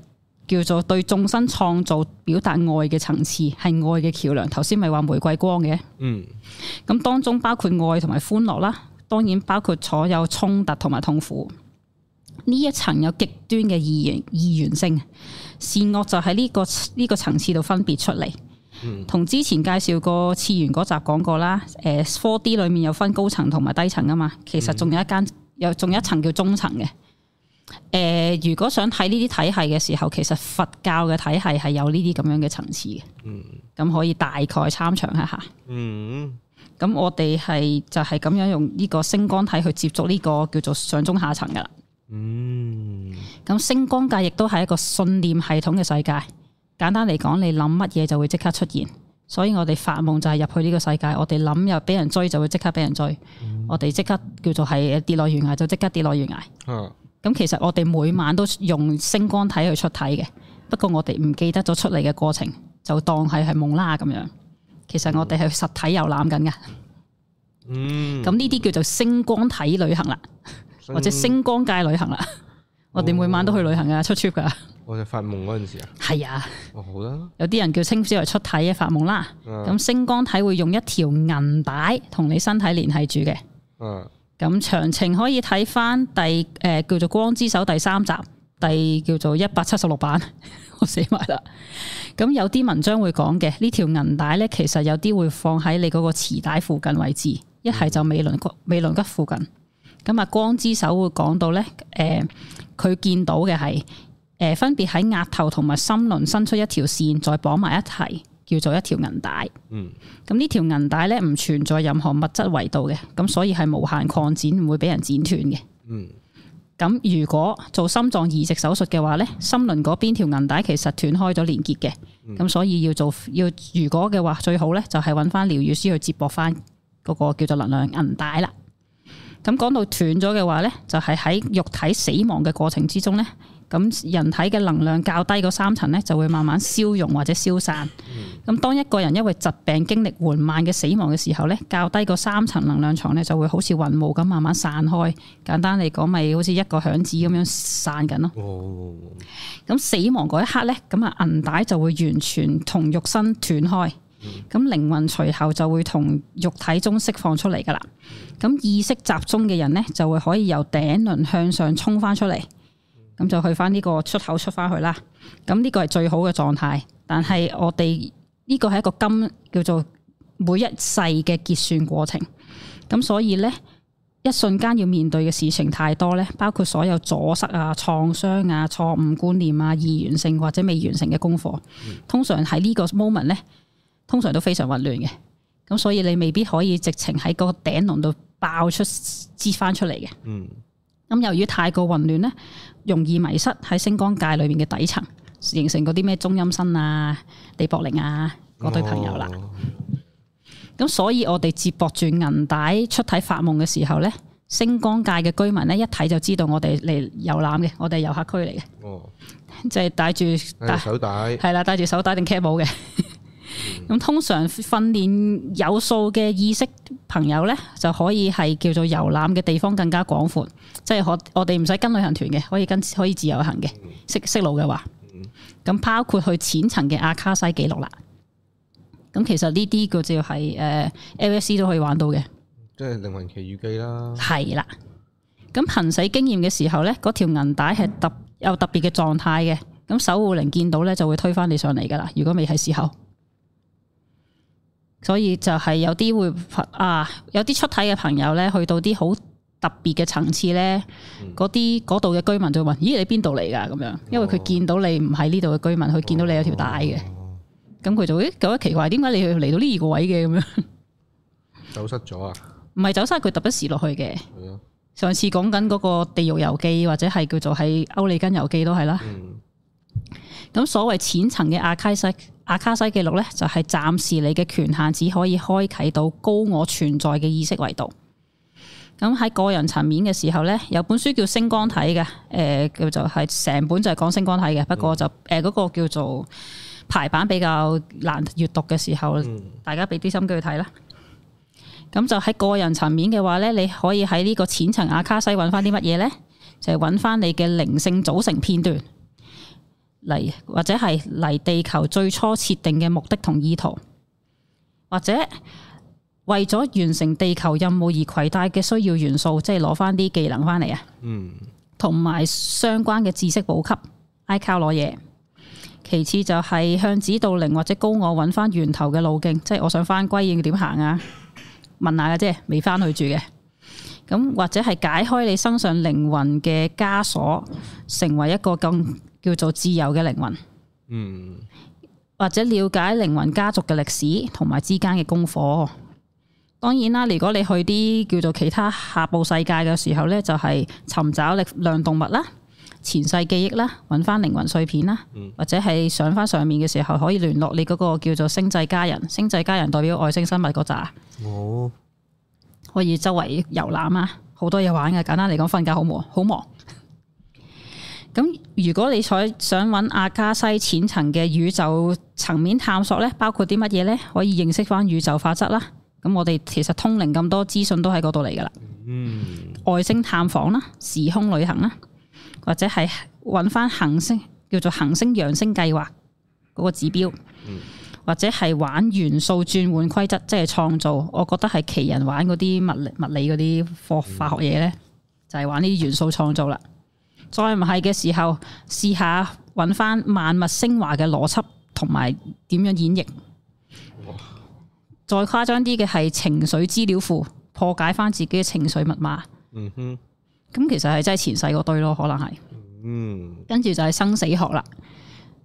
叫做對眾生創造表達愛嘅層次，係愛嘅橋樑。頭先咪話玫瑰光嘅。嗯。咁當中包括愛同埋歡樂啦，當然包括所有衝突同埋痛苦。呢一層有極端嘅意願，意願性。善惡就喺呢個呢個層次度分別出嚟，同之前介紹過次元嗰集講過啦。誒 4D 裡面有分高層同埋低層噶嘛，其實仲有一間有仲有一層叫中層嘅。誒、呃，如果想睇呢啲體系嘅時候，其實佛教嘅體系係有呢啲咁樣嘅層次嘅。嗯，咁可以大概參詳一下。嗯，咁我哋係就係咁樣用呢個星光體去接觸呢個叫做上中下層噶啦。嗯，咁星光界亦都係一個信念系統嘅世界。簡單嚟講，你諗乜嘢就會即刻出現。所以我哋發夢就係入去呢個世界，我哋諗又俾人追，就會即刻俾人追。嗯、我哋即刻叫做係跌落懸崖，就即刻跌落懸崖。咁、啊、其實我哋每晚都用星光體去出體嘅，不過我哋唔記得咗出嚟嘅過程，就當係係夢啦咁樣。其實我哋係實體遊覽緊嘅。嗯，咁呢啲叫做星光體旅行啦。或者星光界旅行啦，哦、 我哋每晚都去旅行噶，哦、出 trip 噶。我哋發夢嗰陣時啊，係啊、哦，好啦，有啲人叫稱之為出體嘅發夢啦。咁、啊、星光體會用一條銀帶同你身體聯繫住嘅。咁詳、啊、情可以睇翻第誒、呃、叫做光之手第三集，第叫做一百七十六版， 我寫埋啦。咁有啲文章會講嘅，呢條銀帶咧，其實有啲會放喺你嗰個臍帶附近位置，嗯、一係就尾龍骨尾龍骨附近。咁啊，光之手會講到咧，誒、呃，佢見到嘅係，誒、呃，分別喺額頭同埋心輪伸出一條線，再綁埋一齊，叫做一條銀帶。嗯。咁呢條銀帶咧，唔存在任何物質維度嘅，咁所以係無限擴展，唔會俾人剪斷嘅。嗯。咁如果做心臟移植手術嘅話咧，心輪嗰邊條銀帶其實斷開咗連結嘅，咁所以要做要如果嘅話，最好咧就係揾翻療愈師去接駁翻嗰個叫做能量銀帶啦。咁講到斷咗嘅話呢，就係、是、喺肉體死亡嘅過程之中呢。咁人體嘅能量較低個三層呢，就會慢慢消融或者消散。咁、嗯、當一個人因為疾病經歷緩慢嘅死亡嘅時候呢，較低個三層能量場呢，就會好似雲霧咁慢慢散開。簡單嚟講，咪好似一個響指咁樣散緊咯。哦，哦，哦。咁死亡嗰一刻呢，咁啊銀帶就會完全同肉身斷開。咁靈魂隨後就會同肉體中釋放出嚟噶啦咁意識集中嘅人咧就會可以由頂輪向上衝翻出嚟，咁就去翻呢個出口出翻去啦。咁呢個係最好嘅狀態，但係我哋呢個係一個金叫做每一世嘅結算過程，咁所以咧一瞬間要面對嘅事情太多咧，包括所有阻塞啊、創傷啊、錯誤觀念啊、已完成或者未完成嘅功課，通常喺呢個 moment 咧。通常都非常混亂嘅，咁所以你未必可以直情喺嗰個頂籠度爆出支翻出嚟嘅。嗯，咁由於太過混亂咧，容易迷失喺星光界裏面嘅底層，形成嗰啲咩中陰身啊、地縛靈啊嗰堆朋友啦。咁、哦、所以我，我哋接駁住銀帶出體發夢嘅時候咧，星光界嘅居民咧一睇就知道我哋嚟遊覽嘅，我哋遊客區嚟嘅。哦，就係戴住戴手帶，係啦，戴住手帶定 cap 帽嘅。咁通常訓練有數嘅意識朋友咧，就可以係叫做遊覽嘅地方更加廣闊，即係我我哋唔使跟旅行團嘅，可以跟可以自由行嘅，識識路嘅話，咁、嗯、包括去淺層嘅阿卡西記錄啦。咁其實呢啲叫就係誒 L S C 都可以玩到嘅，即係靈魂奇遇記啦。係啦，咁憑使經驗嘅時候咧，嗰條銀帶係特有特別嘅狀態嘅，咁守護靈見到咧就會推返你上嚟噶啦。如果未係時候。所以就係有啲會啊，有啲出體嘅朋友咧，去到啲好特別嘅層次咧，嗰啲嗰度嘅居民就會問：咦，你邊度嚟㗎？咁樣，因為佢見到你唔係呢度嘅居民，佢見到你有條帶嘅，咁佢、哦哦哦、就咦，覺得奇怪，點解你去嚟到呢二個位嘅咁樣？走失咗啊？唔係走失，佢突不時落去嘅。嗯、上次講緊嗰個《地獄遊記》，或者係叫做喺《歐利根遊記》都係啦。咁、嗯、所謂淺層嘅阿卡西。阿卡西記錄咧，就係暫時你嘅權限只可以開啟到高我存在嘅意識維度。咁喺個人層面嘅時候咧，有本書叫《星光體》嘅、呃，誒，叫做《係成本就係講星光體嘅，嗯、不過就誒嗰、呃，那個叫做排版比較難閱讀嘅時候，嗯、大家俾啲心機去睇啦。咁就喺個人層面嘅話咧，你可以喺呢個淺層阿卡西揾翻啲乜嘢咧？就係揾翻你嘅靈性組成片段。嚟或者係嚟地球最初設定嘅目的同意圖，或者為咗完成地球任務而攜帶嘅需要元素，即係攞翻啲技能翻嚟啊！嗯，同埋相關嘅知識補給，嗌靠攞嘢。其次就係向指導靈或者高我揾翻源頭嘅路徑，即係我想翻歸應點行啊？問下佢啫，未翻去住嘅。咁或者係解開你身上靈魂嘅枷鎖，成為一個咁。叫做自由嘅靈魂，嗯，或者了解靈魂家族嘅歷史同埋之間嘅功課。當然啦，如果你去啲叫做其他下部世界嘅時候咧，就係、是、尋找力量動物啦、前世記憶啦、揾翻靈魂碎片啦，嗯、或者係上翻上面嘅時候可以聯絡你嗰個叫做星際家人。星際家人代表外星生物嗰扎，哦，可以周圍遊覽啊，好多嘢玩嘅。簡單嚟講，瞓覺好忙，好忙。咁如果你想揾阿卡西淺層嘅宇宙層面探索咧，包括啲乜嘢呢？可以認識翻宇宙法則啦。咁我哋其實通靈咁多資訊都喺嗰度嚟噶啦。嗯。外星探訪啦，時空旅行啦，或者係揾翻行星叫做行星揚升計劃嗰個指標，或者係玩元素轉換規則，即係創造。我覺得係奇人玩嗰啲物理物理嗰啲科化學嘢呢，就係、是、玩呢啲元素創造啦。再唔係嘅時候，試下揾翻萬物升華嘅邏輯，同埋點樣演繹。再誇張啲嘅係情緒資料庫，破解翻自己嘅情緒密碼。嗯哼，咁其實係真係前世嗰堆咯，可能係。嗯。跟住就係生死學啦，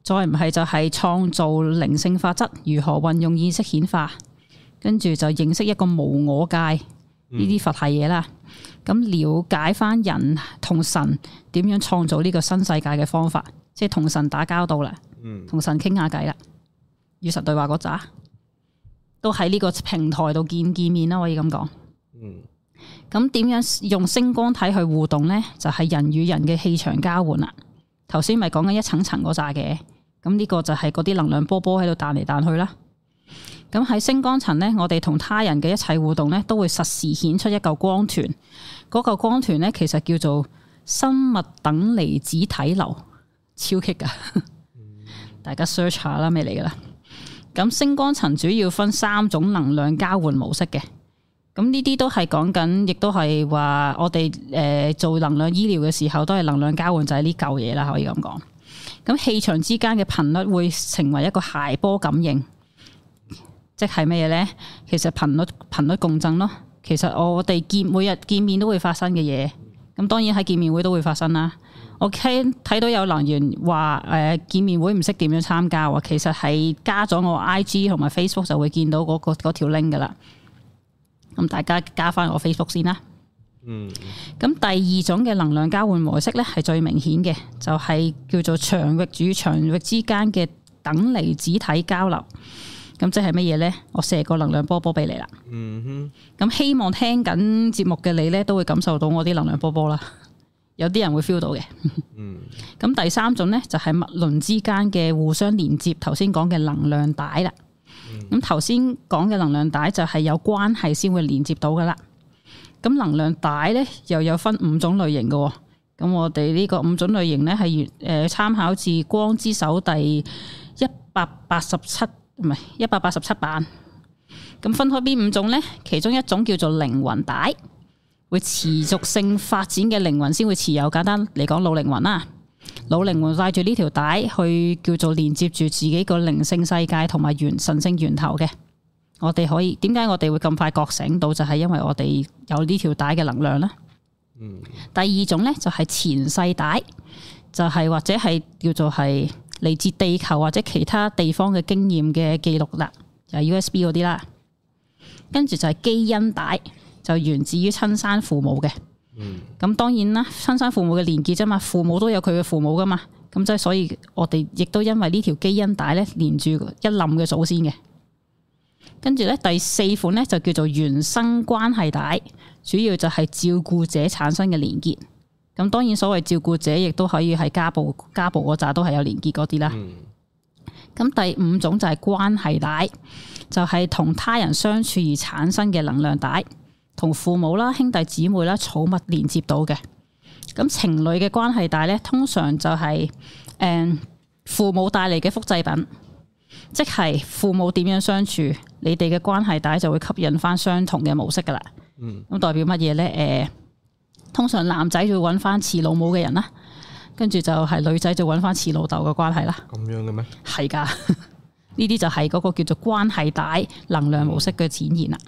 再唔係就係創造靈性法則，如何運用意識顯化，跟住就認識一個無我界呢啲佛係嘢啦。咁了解翻人同神點樣創造呢個新世界嘅方法，即係同神打交道啦，嗯，同神傾下偈啦，與神對話嗰扎，都喺呢個平台度見見面啦，可以咁講，嗯，咁點樣用星光體去互動咧？就係、是、人與人嘅氣場交換啦。頭先咪講緊一層層嗰扎嘅，咁呢個就係嗰啲能量波波喺度彈嚟彈去啦。咁喺星光層呢，我哋同他人嘅一切互動呢，都會實時顯出一嚿光團。嗰嚿光團呢，其實叫做生物等離子體流，超激噶！ 大家 search 下啦，咩嚟噶啦？咁星光層主要分三種能量交換模式嘅。咁呢啲都係講緊，亦都係話我哋誒、呃、做能量醫療嘅時候，都係能量交換就係呢嚿嘢啦，可以咁講。咁氣場之間嘅頻率會成為一個諧波感應。即係咩嘢咧？其實頻率頻率共振咯。其實我哋見每日見面都會發生嘅嘢，咁當然喺見面會都會發生啦。我聽睇到有能源話誒、呃、見面會唔識點樣參加，其實係加咗我 I G 同埋 Facebook 就會見到嗰、嗰個條 link 噶啦。咁大家加返我 Facebook 先啦。嗯。咁第二種嘅能量交換模式咧，係最明顯嘅，就係、是、叫做場域與場域之間嘅等離子體交流。咁即係乜嘢呢？我射個能量波波俾你啦。嗯哼。咁希望聽緊節目嘅你咧，都會感受到我啲能量波波啦。 有啲人會 feel 到嘅。 嗯。咁第三種呢，就係物輪之間嘅互相連接。頭先講嘅能量帶啦。咁頭先講嘅能量帶就係有關係先會連接到噶啦。咁能量帶呢，又有分五種類型嘅。咁我哋呢個五種類型呢，係越誒參考自《光之手》第一百八十七。唔係一百八十七版，咁分開邊五種呢？其中一種叫做靈魂帶，會持續性發展嘅靈魂先會持有。簡單嚟講，老靈魂啦，老靈魂帶住呢條帶去叫做連接住自己個靈性世界同埋源神聖源頭嘅。我哋可以點解我哋會咁快覺醒到？就係因為我哋有呢條帶嘅能量啦。嗯，第二種咧就係前世帶，就係或者係叫做係。嚟自地球或者其他地方嘅經驗嘅記錄啦，就係、U S B 嗰啲啦，跟住就係基因帶，就源自於親生父母嘅。咁、嗯、當然啦，親生父母嘅連結啫嘛，父母都有佢嘅父母噶嘛，咁即係所以我哋亦都因為呢條基因帶咧連住一冧嘅祖先嘅。跟住咧第四款咧就叫做原生關係帶，主要就係照顧者產生嘅連結。咁當然，所謂照顧者亦都可以喺家暴、家暴嗰扎都係有連結嗰啲啦。咁、嗯、第五種就係關係帶，就係、是、同他人相處而產生嘅能量帶，同父母啦、兄弟姊妹啦、寵物連接到嘅。咁情侶嘅關係帶咧，通常就係、是、誒、嗯、父母帶嚟嘅複製品，即係父母點樣相處，你哋嘅關係帶就會吸引翻相同嘅模式噶啦。咁、嗯、代表乜嘢咧？誒、呃。通常男仔就會揾翻似老母嘅人啦，跟住就係女仔就揾翻似老豆嘅關係啦。咁樣嘅咩？係噶，呢啲就係嗰個叫做關係帶能量模式嘅展現啦。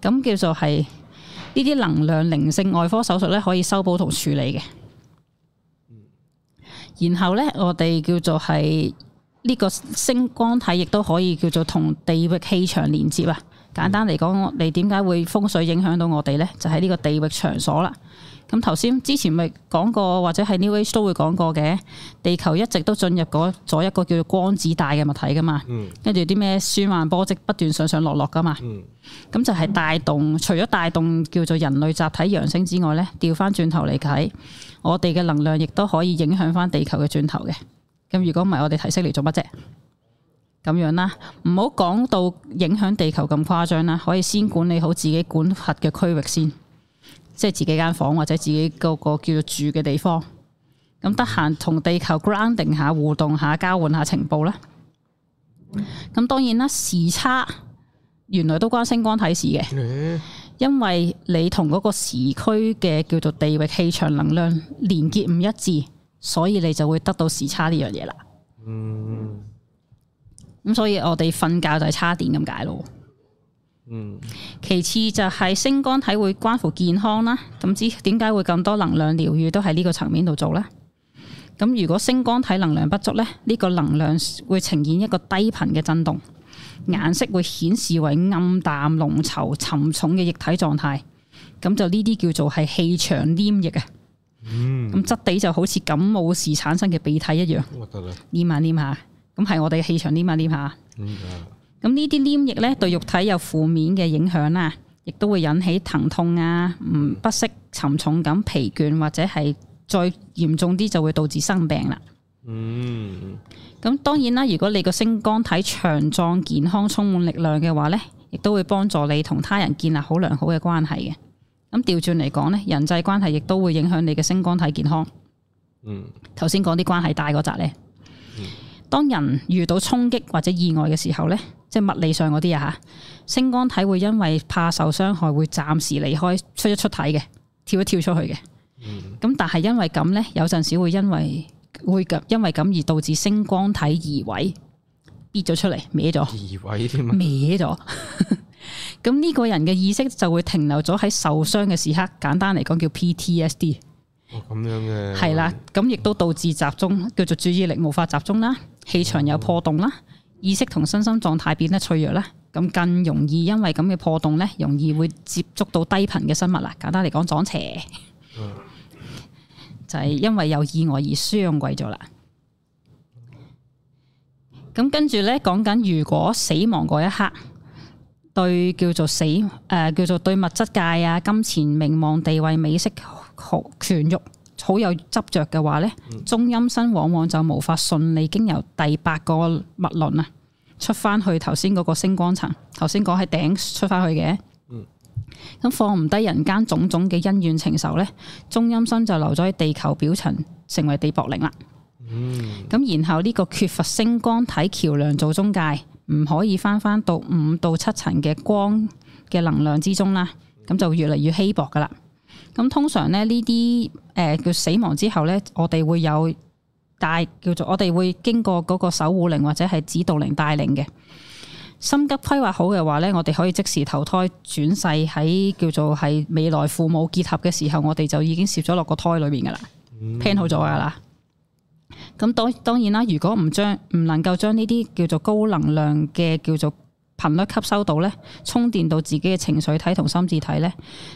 咁叫做係呢啲能量靈性外科手術咧，可以修補同處理嘅。然後咧，我哋叫做係呢個星光體，亦都可以叫做同地域氣場連接啊。簡單嚟講，你點解會風水影響到我哋呢？就喺、是、呢個地域場所啦。咁頭先之前咪講過，或者係 New Age 都會講過嘅，地球一直都進入咗一個叫做光子帶嘅物體噶嘛。跟住啲咩舒曼波跡不斷上上落落噶嘛。咁就係帶動，除咗帶動叫做人類集體揚升之外呢，調翻轉頭嚟睇，我哋嘅能量亦都可以影響翻地球嘅轉頭嘅。咁如果唔係，我哋提升嚟做乜啫？咁樣啦，唔好講到影響地球咁誇張啦，可以先管理好自己管轄嘅區域先，即係自己間房或者自己嗰個叫做住嘅地方。咁得閒同地球 grounding 下，互動下，交換下情報啦。咁當然啦，時差原來都關星光體事嘅，因為你同嗰個時區嘅叫做地域氣場能量連結唔一致，所以你就會得到時差呢樣嘢啦。嗯。咁所以，我哋瞓覺就係差電咁解咯。嗯。其次就係星光體會關乎健康啦，啊。咁知點解會咁多能量療癒都喺呢個層面度做咧？咁如果星光體能量不足咧，呢、呢個能量會呈現一個低頻嘅震動，顏色會顯示為暗淡濃稠、沉重嘅液體狀態。咁就呢啲叫做係氣場黏液啊。嗯。咁質地就好似感冒時產生嘅鼻涕一樣。嗯、黏下黏下。咁係我哋嘅氣場黏啊黏吓。咁呢啲黏液咧，對肉體有負面嘅影響啦，亦都會引起疼痛啊，唔不適、沉重感、疲倦，或者係再嚴重啲就會導致生病啦。嗯，咁當然啦，如果你個星光體強壯健康、充滿力量嘅話咧，亦都會幫助你同他人建立好良好嘅關係嘅。咁調轉嚟講咧，人際關係亦都會影響你嘅星光體健康。嗯，頭先講啲關係大嗰集咧。當人遇到衝擊或者意外嘅時候呢，即係物理上嗰啲啊，星光體會因為怕受傷害，會暫時離開，出一出體嘅，跳一跳出去嘅。咁、嗯、但係因為咁呢，有陣時會因為會因為咁而導致星光體移位，跌咗出嚟，歪咗。移位添歪咗，咁呢歪了 個人嘅意識就會停留咗喺受傷嘅時刻。簡單嚟講，叫 PTSD。哦，咁樣嘅。係啦，咁亦都導致集中叫做注意力無法集中啦。氣場有破洞啦，意識同身心狀態變得脆弱啦，咁更容易因為咁嘅破洞咧，容易會接觸到低頻嘅生物啦。簡單嚟講，撞邪， 就係因為有意外而傷貴咗啦。咁跟住咧，講緊如果死亡嗰一刻，對叫做死誒、呃，叫做對物質界啊、金錢、名望、地位、美色、權欲，好有執着嘅話呢，中陰身往往就無法順利經由第八個脈輪啊出翻去頭先嗰個星光層。頭先講喺頂出翻去嘅，咁、嗯、放唔低人間種種嘅恩怨情仇呢，中陰身就留咗喺地球表層，成為地薄靈啦。咁、嗯、然後呢個缺乏星光體橋梁做中介，唔可以翻翻到五到七層嘅光嘅能量之中啦，咁就越嚟越稀薄噶啦。咁通常咧呢啲誒叫死亡之後咧，我哋會有帶叫做我哋會經過嗰個守護靈或者係指導靈帶領嘅，心急規劃好嘅話咧，我哋可以即時投胎轉世喺叫做係未來父母結合嘅時候，我哋就已經攝咗落個胎裏面噶啦，plan 好咗噶啦。咁當、嗯、當然啦，如果唔將唔能夠將呢啲叫做高能量嘅叫做。頻率吸收到呢，充電到自己嘅情緒體同心智體呢。呢、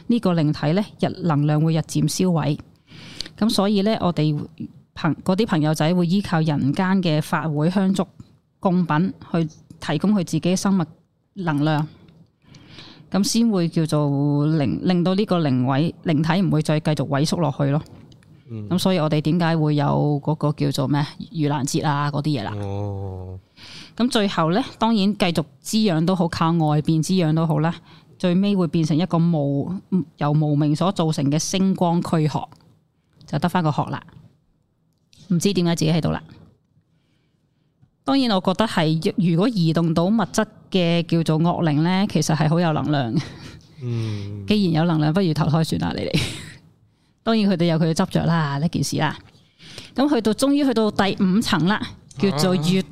呢個靈體呢，日能量會日漸消毀。咁所以呢，我哋朋嗰啲朋友仔會依靠人間嘅法會香燭供品去提供佢自己嘅生物能量，咁先會叫做令令到呢個靈位靈體唔會再繼續萎縮落去咯。咁所以，我哋點解會有嗰個叫做咩？盂蘭節啊，嗰啲嘢啦。哦。咁最後咧，當然繼續滋養都好，靠外邊滋養都好啦。最尾會變成一個無由無名所造成嘅星光軀殼，就得翻個殼啦。唔知點解自己喺度啦。當然，我覺得係如果移動到物質嘅叫做惡靈咧，其實係好有能量。嗯。既然有能量，不如投胎算啦、啊，你哋。當然佢哋有佢嘅執着啦，呢件事啦。咁去到終於去到第五層啦，叫做月、啊、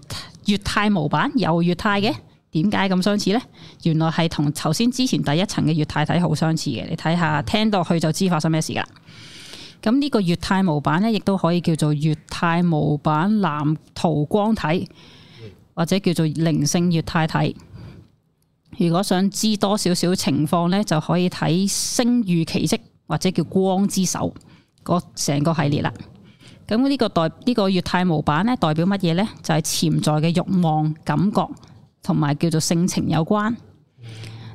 月太模板，又月太嘅，點解咁相似呢？原來係同頭先之前第一層嘅月太體好相似嘅。你睇下，聽到去就知發生咩事噶。咁呢個月太模板呢，亦都可以叫做月太模板藍圖光體，或者叫做靈性月太體。如果想知多少少，少情況呢，就可以睇星遇奇跡。或者叫光之手，個成個系列啦。咁呢個代呢、這個乙太模板咧，代表乜嘢咧？就係、是、潛在嘅欲望感覺，同埋叫做性情有關。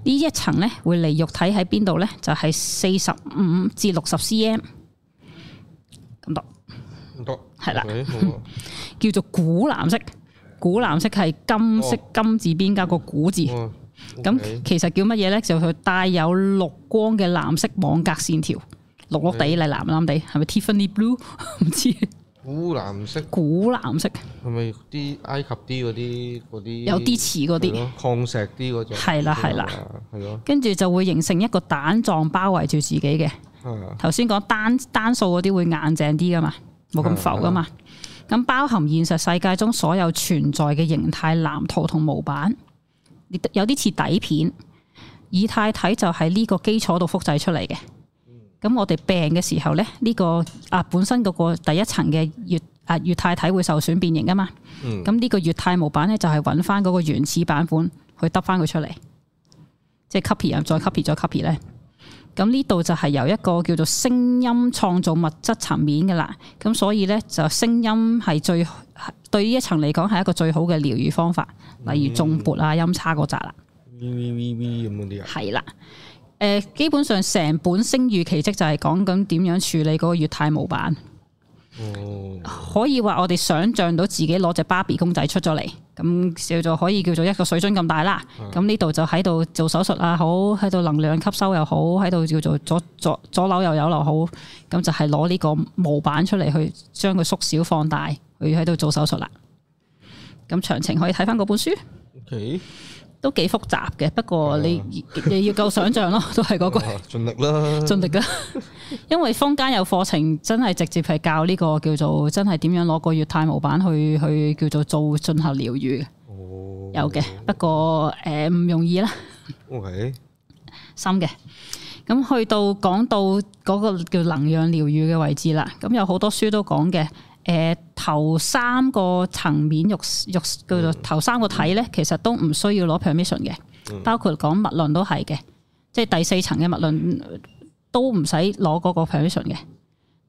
一層呢一層咧會嚟肉體喺邊度咧？就係四十五至六十 cm 咁多，咁多係啦。 叫做古藍色，古藍色係金色金字邊加個古字。哦哦.咁其實叫乜嘢咧？就佢帶有綠光嘅藍色網格線條，綠綠地嚟，藍藍地，係咪 Tiffany Blue？唔知古藍色，古藍色嘅係咪啲埃及啲嗰啲啲有啲似嗰啲礦石啲嗰種，係啦，係啦，係咯。跟住就會形成一個蛋狀包圍住自己嘅。頭先講單單數嗰啲會硬淨啲㗎嘛，冇咁浮㗎嘛。咁包含現實世界中所有存在嘅形態藍圖同模板。有啲似底片，以太體就喺呢個基礎度複製出嚟嘅。咁我哋病嘅時候咧，呢個啊本身嗰個第一層嘅以太啊以太體會受損變形噶嘛。咁呢、嗯、個以太模板咧就係揾翻嗰個原始版本去得翻佢出嚟，即係 copy 啊，再 copy 再 copy 咧 cop。咁呢度就係由一個叫做聲音創造物質層面嘅啦，咁所以咧就聲音係最對呢一層嚟講係一個最好嘅療愈方法，例如頌缽啊、音叉嗰扎啦。V、呃、啦，基本上成本聲譽奇蹟就係講緊點樣處理嗰個乙太模板。可以話我哋想象到自己攞隻芭比公仔出咗嚟，咁叫做可以叫做一個水樽咁大啦。咁呢度就喺度做手術啊，好喺度能量吸收又好，喺度叫做左左左扭右扭又好，咁就係攞呢個模板出嚟去將佢縮小放大，去喺度做手術啦。咁詳情可以睇翻嗰本書。Okay。都幾複雜嘅，不過你 你要夠想像咯，都係嗰、嗰個。 盡力啦，盡力啦，因為坊間有課程真係直接係教呢、呢個叫做真係點樣攞個乙太模板去去叫做做進行療愈嘅。哦，有嘅，不過誒唔、呃、容易啦。OK，深嘅，咁去到講到嗰個叫能量療愈嘅位置啦，咁有好多書都講嘅。誒、呃、頭三個層面，肉肉叫做頭三個體咧，其實都唔需要攞 permission 嘅，包括講物論都係嘅，即係第四層嘅物論都唔使攞嗰個 permission 嘅。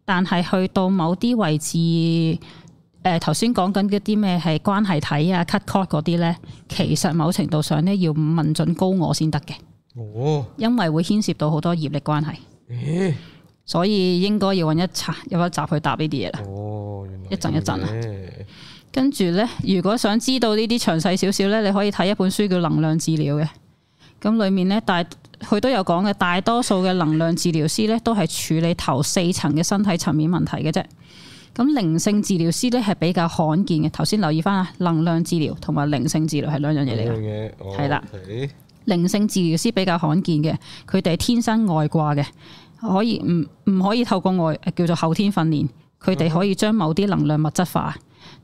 但係去到某啲位置，誒頭先講緊嗰啲咩係關係體啊 cut cord 嗰啲咧，其實某程度上咧要問準高我先得嘅。哦，因為會牽涉到好多業力關係，所以應該要揾一集一集去答呢啲嘢啦。一陣一陣啊，跟住咧，如果想知道呢啲詳細少少咧，你可以睇一本書叫《能量治療》嘅。咁裏面咧，大佢都有講嘅，大多數嘅能量治療師咧，都係處理頭四層嘅身體層面問題嘅啫。咁靈性治療師咧係比較罕見嘅。頭先留意翻啊，能量治療同埋靈性治療係兩樣嘢嚟嘅，係啦。靈性治療師比較罕見嘅，佢哋係天生外掛嘅，可以唔唔可以透過外叫做後天訓練？佢哋可以將某啲能量物質化，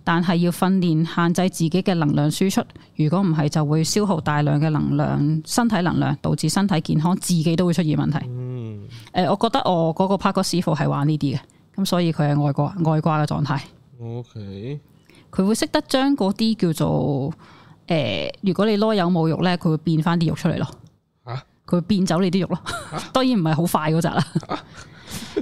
但係要訓練限制自己嘅能量輸出。如果唔係，就會消耗大量嘅能量，身體能量導致身體健康，自己都會出現問題。嗯，誒、呃，我覺得我嗰、那個 Paco 師傅係玩呢啲嘅，咁所以佢係外掛外掛嘅狀態。O K，佢會識得將嗰啲叫做誒、呃，如果你攞有冇肉咧，佢會變翻啲肉出嚟咯。嚇、啊！佢會變走你啲肉咯。啊、 當然唔係好快嗰陣啦。啊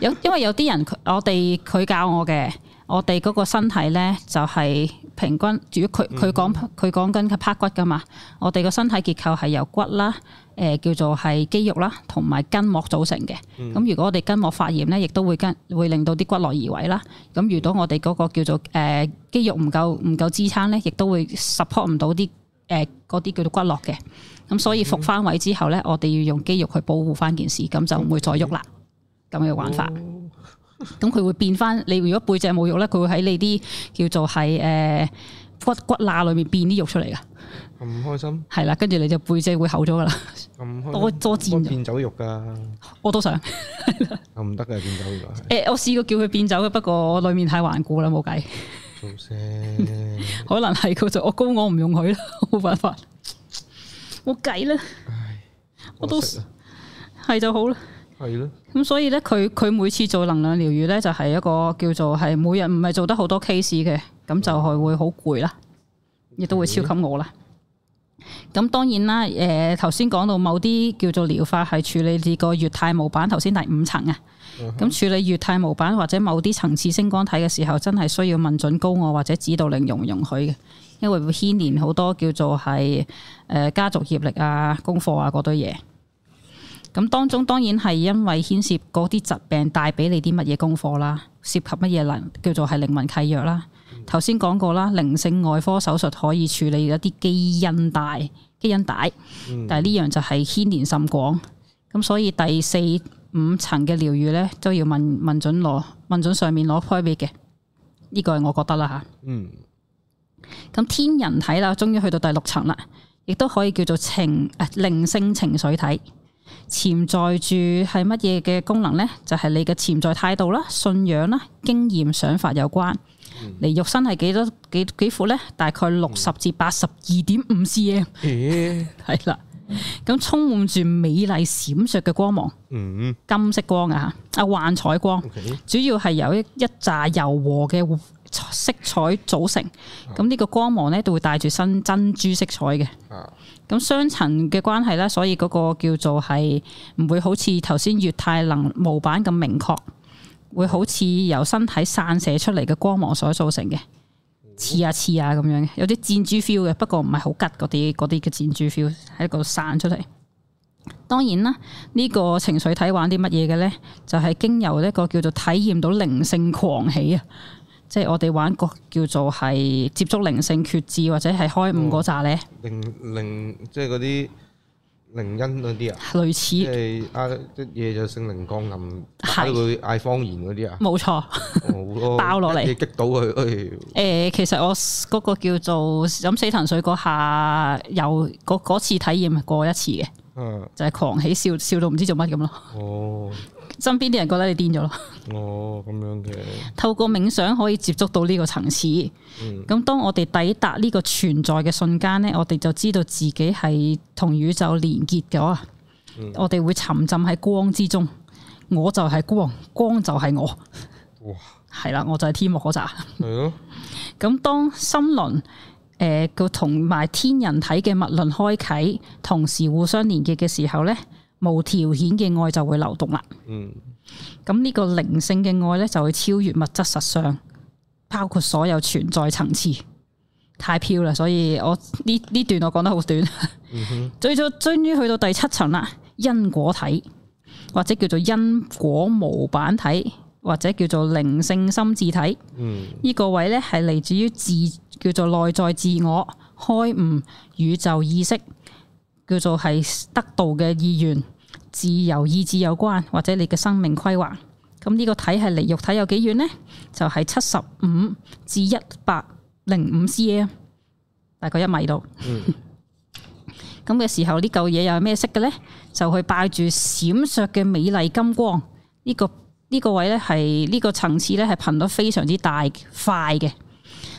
有 因為有啲人佢我哋佢教我嘅，我哋嗰個身體咧就係、是、平均，主佢佢講佢講緊佢拍骨噶嘛。我哋個身體結構係由骨啦，誒、呃、叫做係肌肉啦，同埋筋膜組成嘅。咁、嗯、如果我哋筋膜發炎咧，亦都會跟會令到啲骨骼移位啦。咁如果我哋嗰個叫做誒、呃、肌肉唔夠唔夠支撐咧，亦都會 support 唔到啲誒嗰啲叫做骨骼嘅。咁所以復翻位之後咧，我哋要用肌肉去保護翻件事，咁就唔會再喐啦。嗯咁嘅玩法，咁佢會變翻你。如果背脊冇肉咧，佢會喺你啲叫做係誒骨骨罅裏面變啲肉出嚟噶。唔開心？係啦，跟住你就背脊會厚咗噶啦。咁多多變走肉噶？我都想。唔得噶變走肉。誒，我試過叫佢變走嘅，不過裏面太頑固啦，冇計。做聲。可能係佢就我高我唔用佢啦，冇辦法。冇計啦。我都係就好啦。係咯，咁所以咧，佢佢每次做能量療愈咧，就係一個叫做係每日唔係做得好多 case 嘅，咁就係會好攰啦，亦都會超級餓啦。咁當然啦，誒頭先講到某啲叫做療法係處理呢個乙太模板，頭先第五層啊，咁、uh huh。處理乙太模板或者某啲層次星光體嘅時候，真係需要問準高我或者指導靈容唔容許嘅，因為會牽連好多叫做係誒家族業力啊、功課啊嗰堆嘢。咁當中當然係因為牽涉嗰啲疾病帶俾你啲乜嘢功課啦，涉及乜嘢能叫做係靈魂契約啦。頭先講過啦，靈性外科手術可以處理一啲基因帶基因帶，但係呢樣就係牽連甚廣。咁所以第四五層嘅療愈呢，都要問問准攞問准上面攞開俾嘅呢個係我覺得啦吓。嗯，咁天人體啦，終於去到第六層啦，亦都可以叫做情誒呃、靈性情緒體。潛在住係乜嘢嘅功能呢？就係、是、你嘅潛在態度啦、信仰啦、經驗想法有關。你肉身係幾多幾幾闊呢？大概六十至八十二點五 cm。係啦、欸，咁 充滿住美麗閃爍嘅光芒，嗯、金色光啊，啊幻彩光，Okay. 主要係有一一紮柔和嘅。色彩組成，咁呢個光芒咧都會帶住新珍珠色彩嘅。咁雙層嘅關係咧，所以嗰個叫做係唔會好似頭先月太能模板咁明確，會好似由身體散射出嚟嘅光芒所造成嘅，似啊似啊咁樣嘅，有啲珍珠 feel 嘅，不過唔係好吉嗰啲嗰啲嘅珍珠 feel 喺度散出嚟。當然啦，呢、這個情緒體玩啲乜嘢嘅呢？就係、是、經由一個叫做體驗到靈性狂喜啊！即係我哋玩個叫做係接觸靈性決志或者係開悟嗰扎咧，靈靈、嗯、即係嗰啲靈音嗰啲啊，類似即係啊啲嘢就聖靈降臨，佢嗌方言嗰啲啊，冇錯，冇咯、哦，爆落嚟，你激 來到佢，哎，誒、欸，其實我嗰個叫做飲死藤水嗰下，有嗰次體驗過一次嘅。就係狂喜笑，笑到唔知做乜咁咯。哦，身邊啲人覺得你癲咗咯。哦，咁樣嘅，就是。透過冥想可以接觸到呢個層次。嗯。咁當我哋抵達呢個存在嘅瞬間呢，我哋就知道自己係同宇宙連結咗啊！嗯、我哋會沉浸喺光之中，我就係光，光就係我。哇！係啦，我就係天幕嗰扎。係咯，嗯。咁當心輪。 誒，個同埋天人體嘅物輪開啟，同時互相連結嘅時候呢，無條件嘅愛就會流動啦。嗯，咁呢個靈性嘅愛呢，就會超越物質實相，包括所有存在層次。太飄啦，所以我呢呢段我講得好短。最，嗯、哼、早終於去到第七層啦，因果體或者叫做因果模板體。或者叫做靈性心智體，呢、嗯、個位咧係嚟自於自叫做內在自我開悟宇宙意識，叫做係得道嘅意願、自由意志有關，或者你嘅生命規劃。咁、這、呢個體係離肉體有幾遠呢？就係七十五至一百零五 cm，大概一米度。咁嘅、嗯、 時候呢嚿嘢又係咩色嘅呢？就去拜住閃爍嘅美麗金光，呢、這個。呢個位咧，係、這、呢個層次咧，係頻率非常之大快嘅。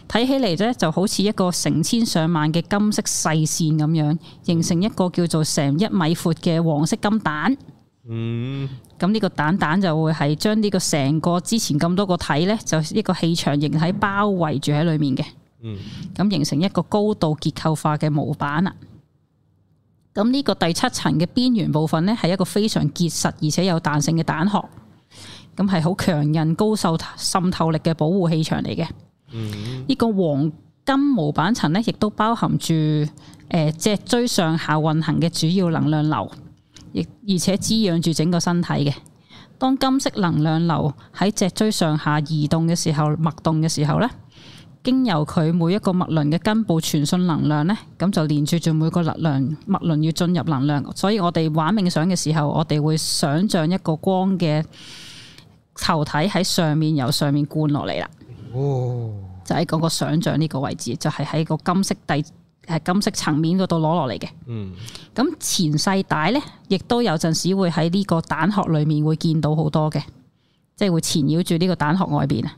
睇起嚟咧，就好似一個成千上萬嘅金色細線咁樣，形成一個叫做成一米闊嘅黃色金蛋。嗯，咁呢個蛋蛋就會係將呢個成個之前咁多個體咧，就一個氣場形體包圍住喺裡面嘅。嗯，咁形成一個高度結構化嘅模板啦。咁呢個第七層嘅邊緣部分咧，係一個非常結實而且有彈性嘅蛋殼。咁係好強韌、強高受滲透力嘅保護氣場嚟嘅。呢個黃金模板層咧，亦都包含住誒、呃、脊椎上下運行嘅主要能量流，而且滋養住整個身體嘅。當金色能量流喺脊椎上下移動嘅時候、脈動嘅時候咧，經由佢每一個脈輪嘅根部傳信能量咧，咁就連住住每個能量脈輪要進入能量，所以我哋玩冥想嘅時候，我哋會想象一個光嘅球體喺上面由上面灌落嚟啦。哦，就喺嗰個想象呢個位置，就係、是、喺個金色第誒金色層面嗰度攞落嚟嘅。嗯，咁前世帶咧，亦都有陣時會喺呢個蛋殼裏面會見到好多嘅，即係會纏繞住呢個蛋殼外邊啊。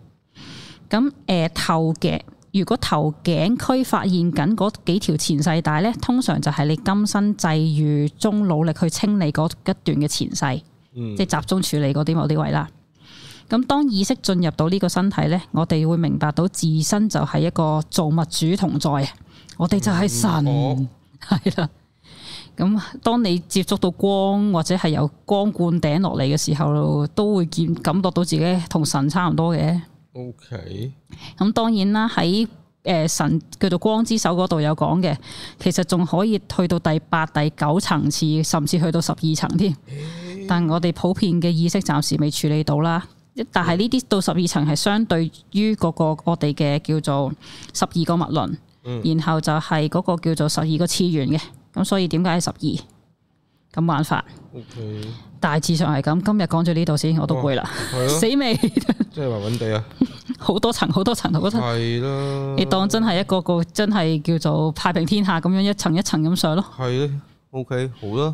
咁誒、呃、頭頸，如果頭頸區發現緊嗰幾條前世帶咧，通常就係你今生際遇中努力去清理嗰一段嘅前世，嗯、即係集中處理嗰啲某啲位啦。咁當意識進入到呢個身體咧，我哋會明白到自身就係一個造物主同在，我哋就係神，係啦可。咁 當你接觸到光或者係由光灌頂落嚟嘅時候，都會見感覺到自己同神差唔多嘅。O K，咁當然啦，喺誒神叫做光之手嗰度有講嘅，其實仲可以去到第八、第九層次，甚至去到十二層添。但我哋普遍嘅意識暫時未處理到啦。但係呢啲到十二層係相對於嗰個我哋嘅叫做十二個物輪，嗯、然後就係嗰個叫做十二個次元嘅。咁所以點解係十二咁玩法？Okay. 大致上係咁，今日講咗呢度先，我都攰啦，死未、哦？即係話穩穩哋啊！好 多層，好多層，好多層係啦。啊、你當真係一個個真係叫做太平天下咁樣一層一層咁上咯。係咧、啊、OK，好啦。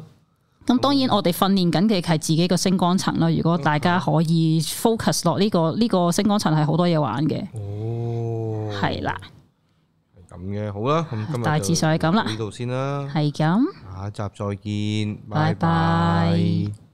咁當然我哋訓練緊嘅係自己個星光層啦。如果大家可以 focus 落、呢、呢個呢、呢個星光層，係好多嘢玩嘅。哦，係啦、啊，係咁嘅，好啦。咁今日大致上係咁啦，呢度先啦，係咁，下一集再見，拜拜。拜拜。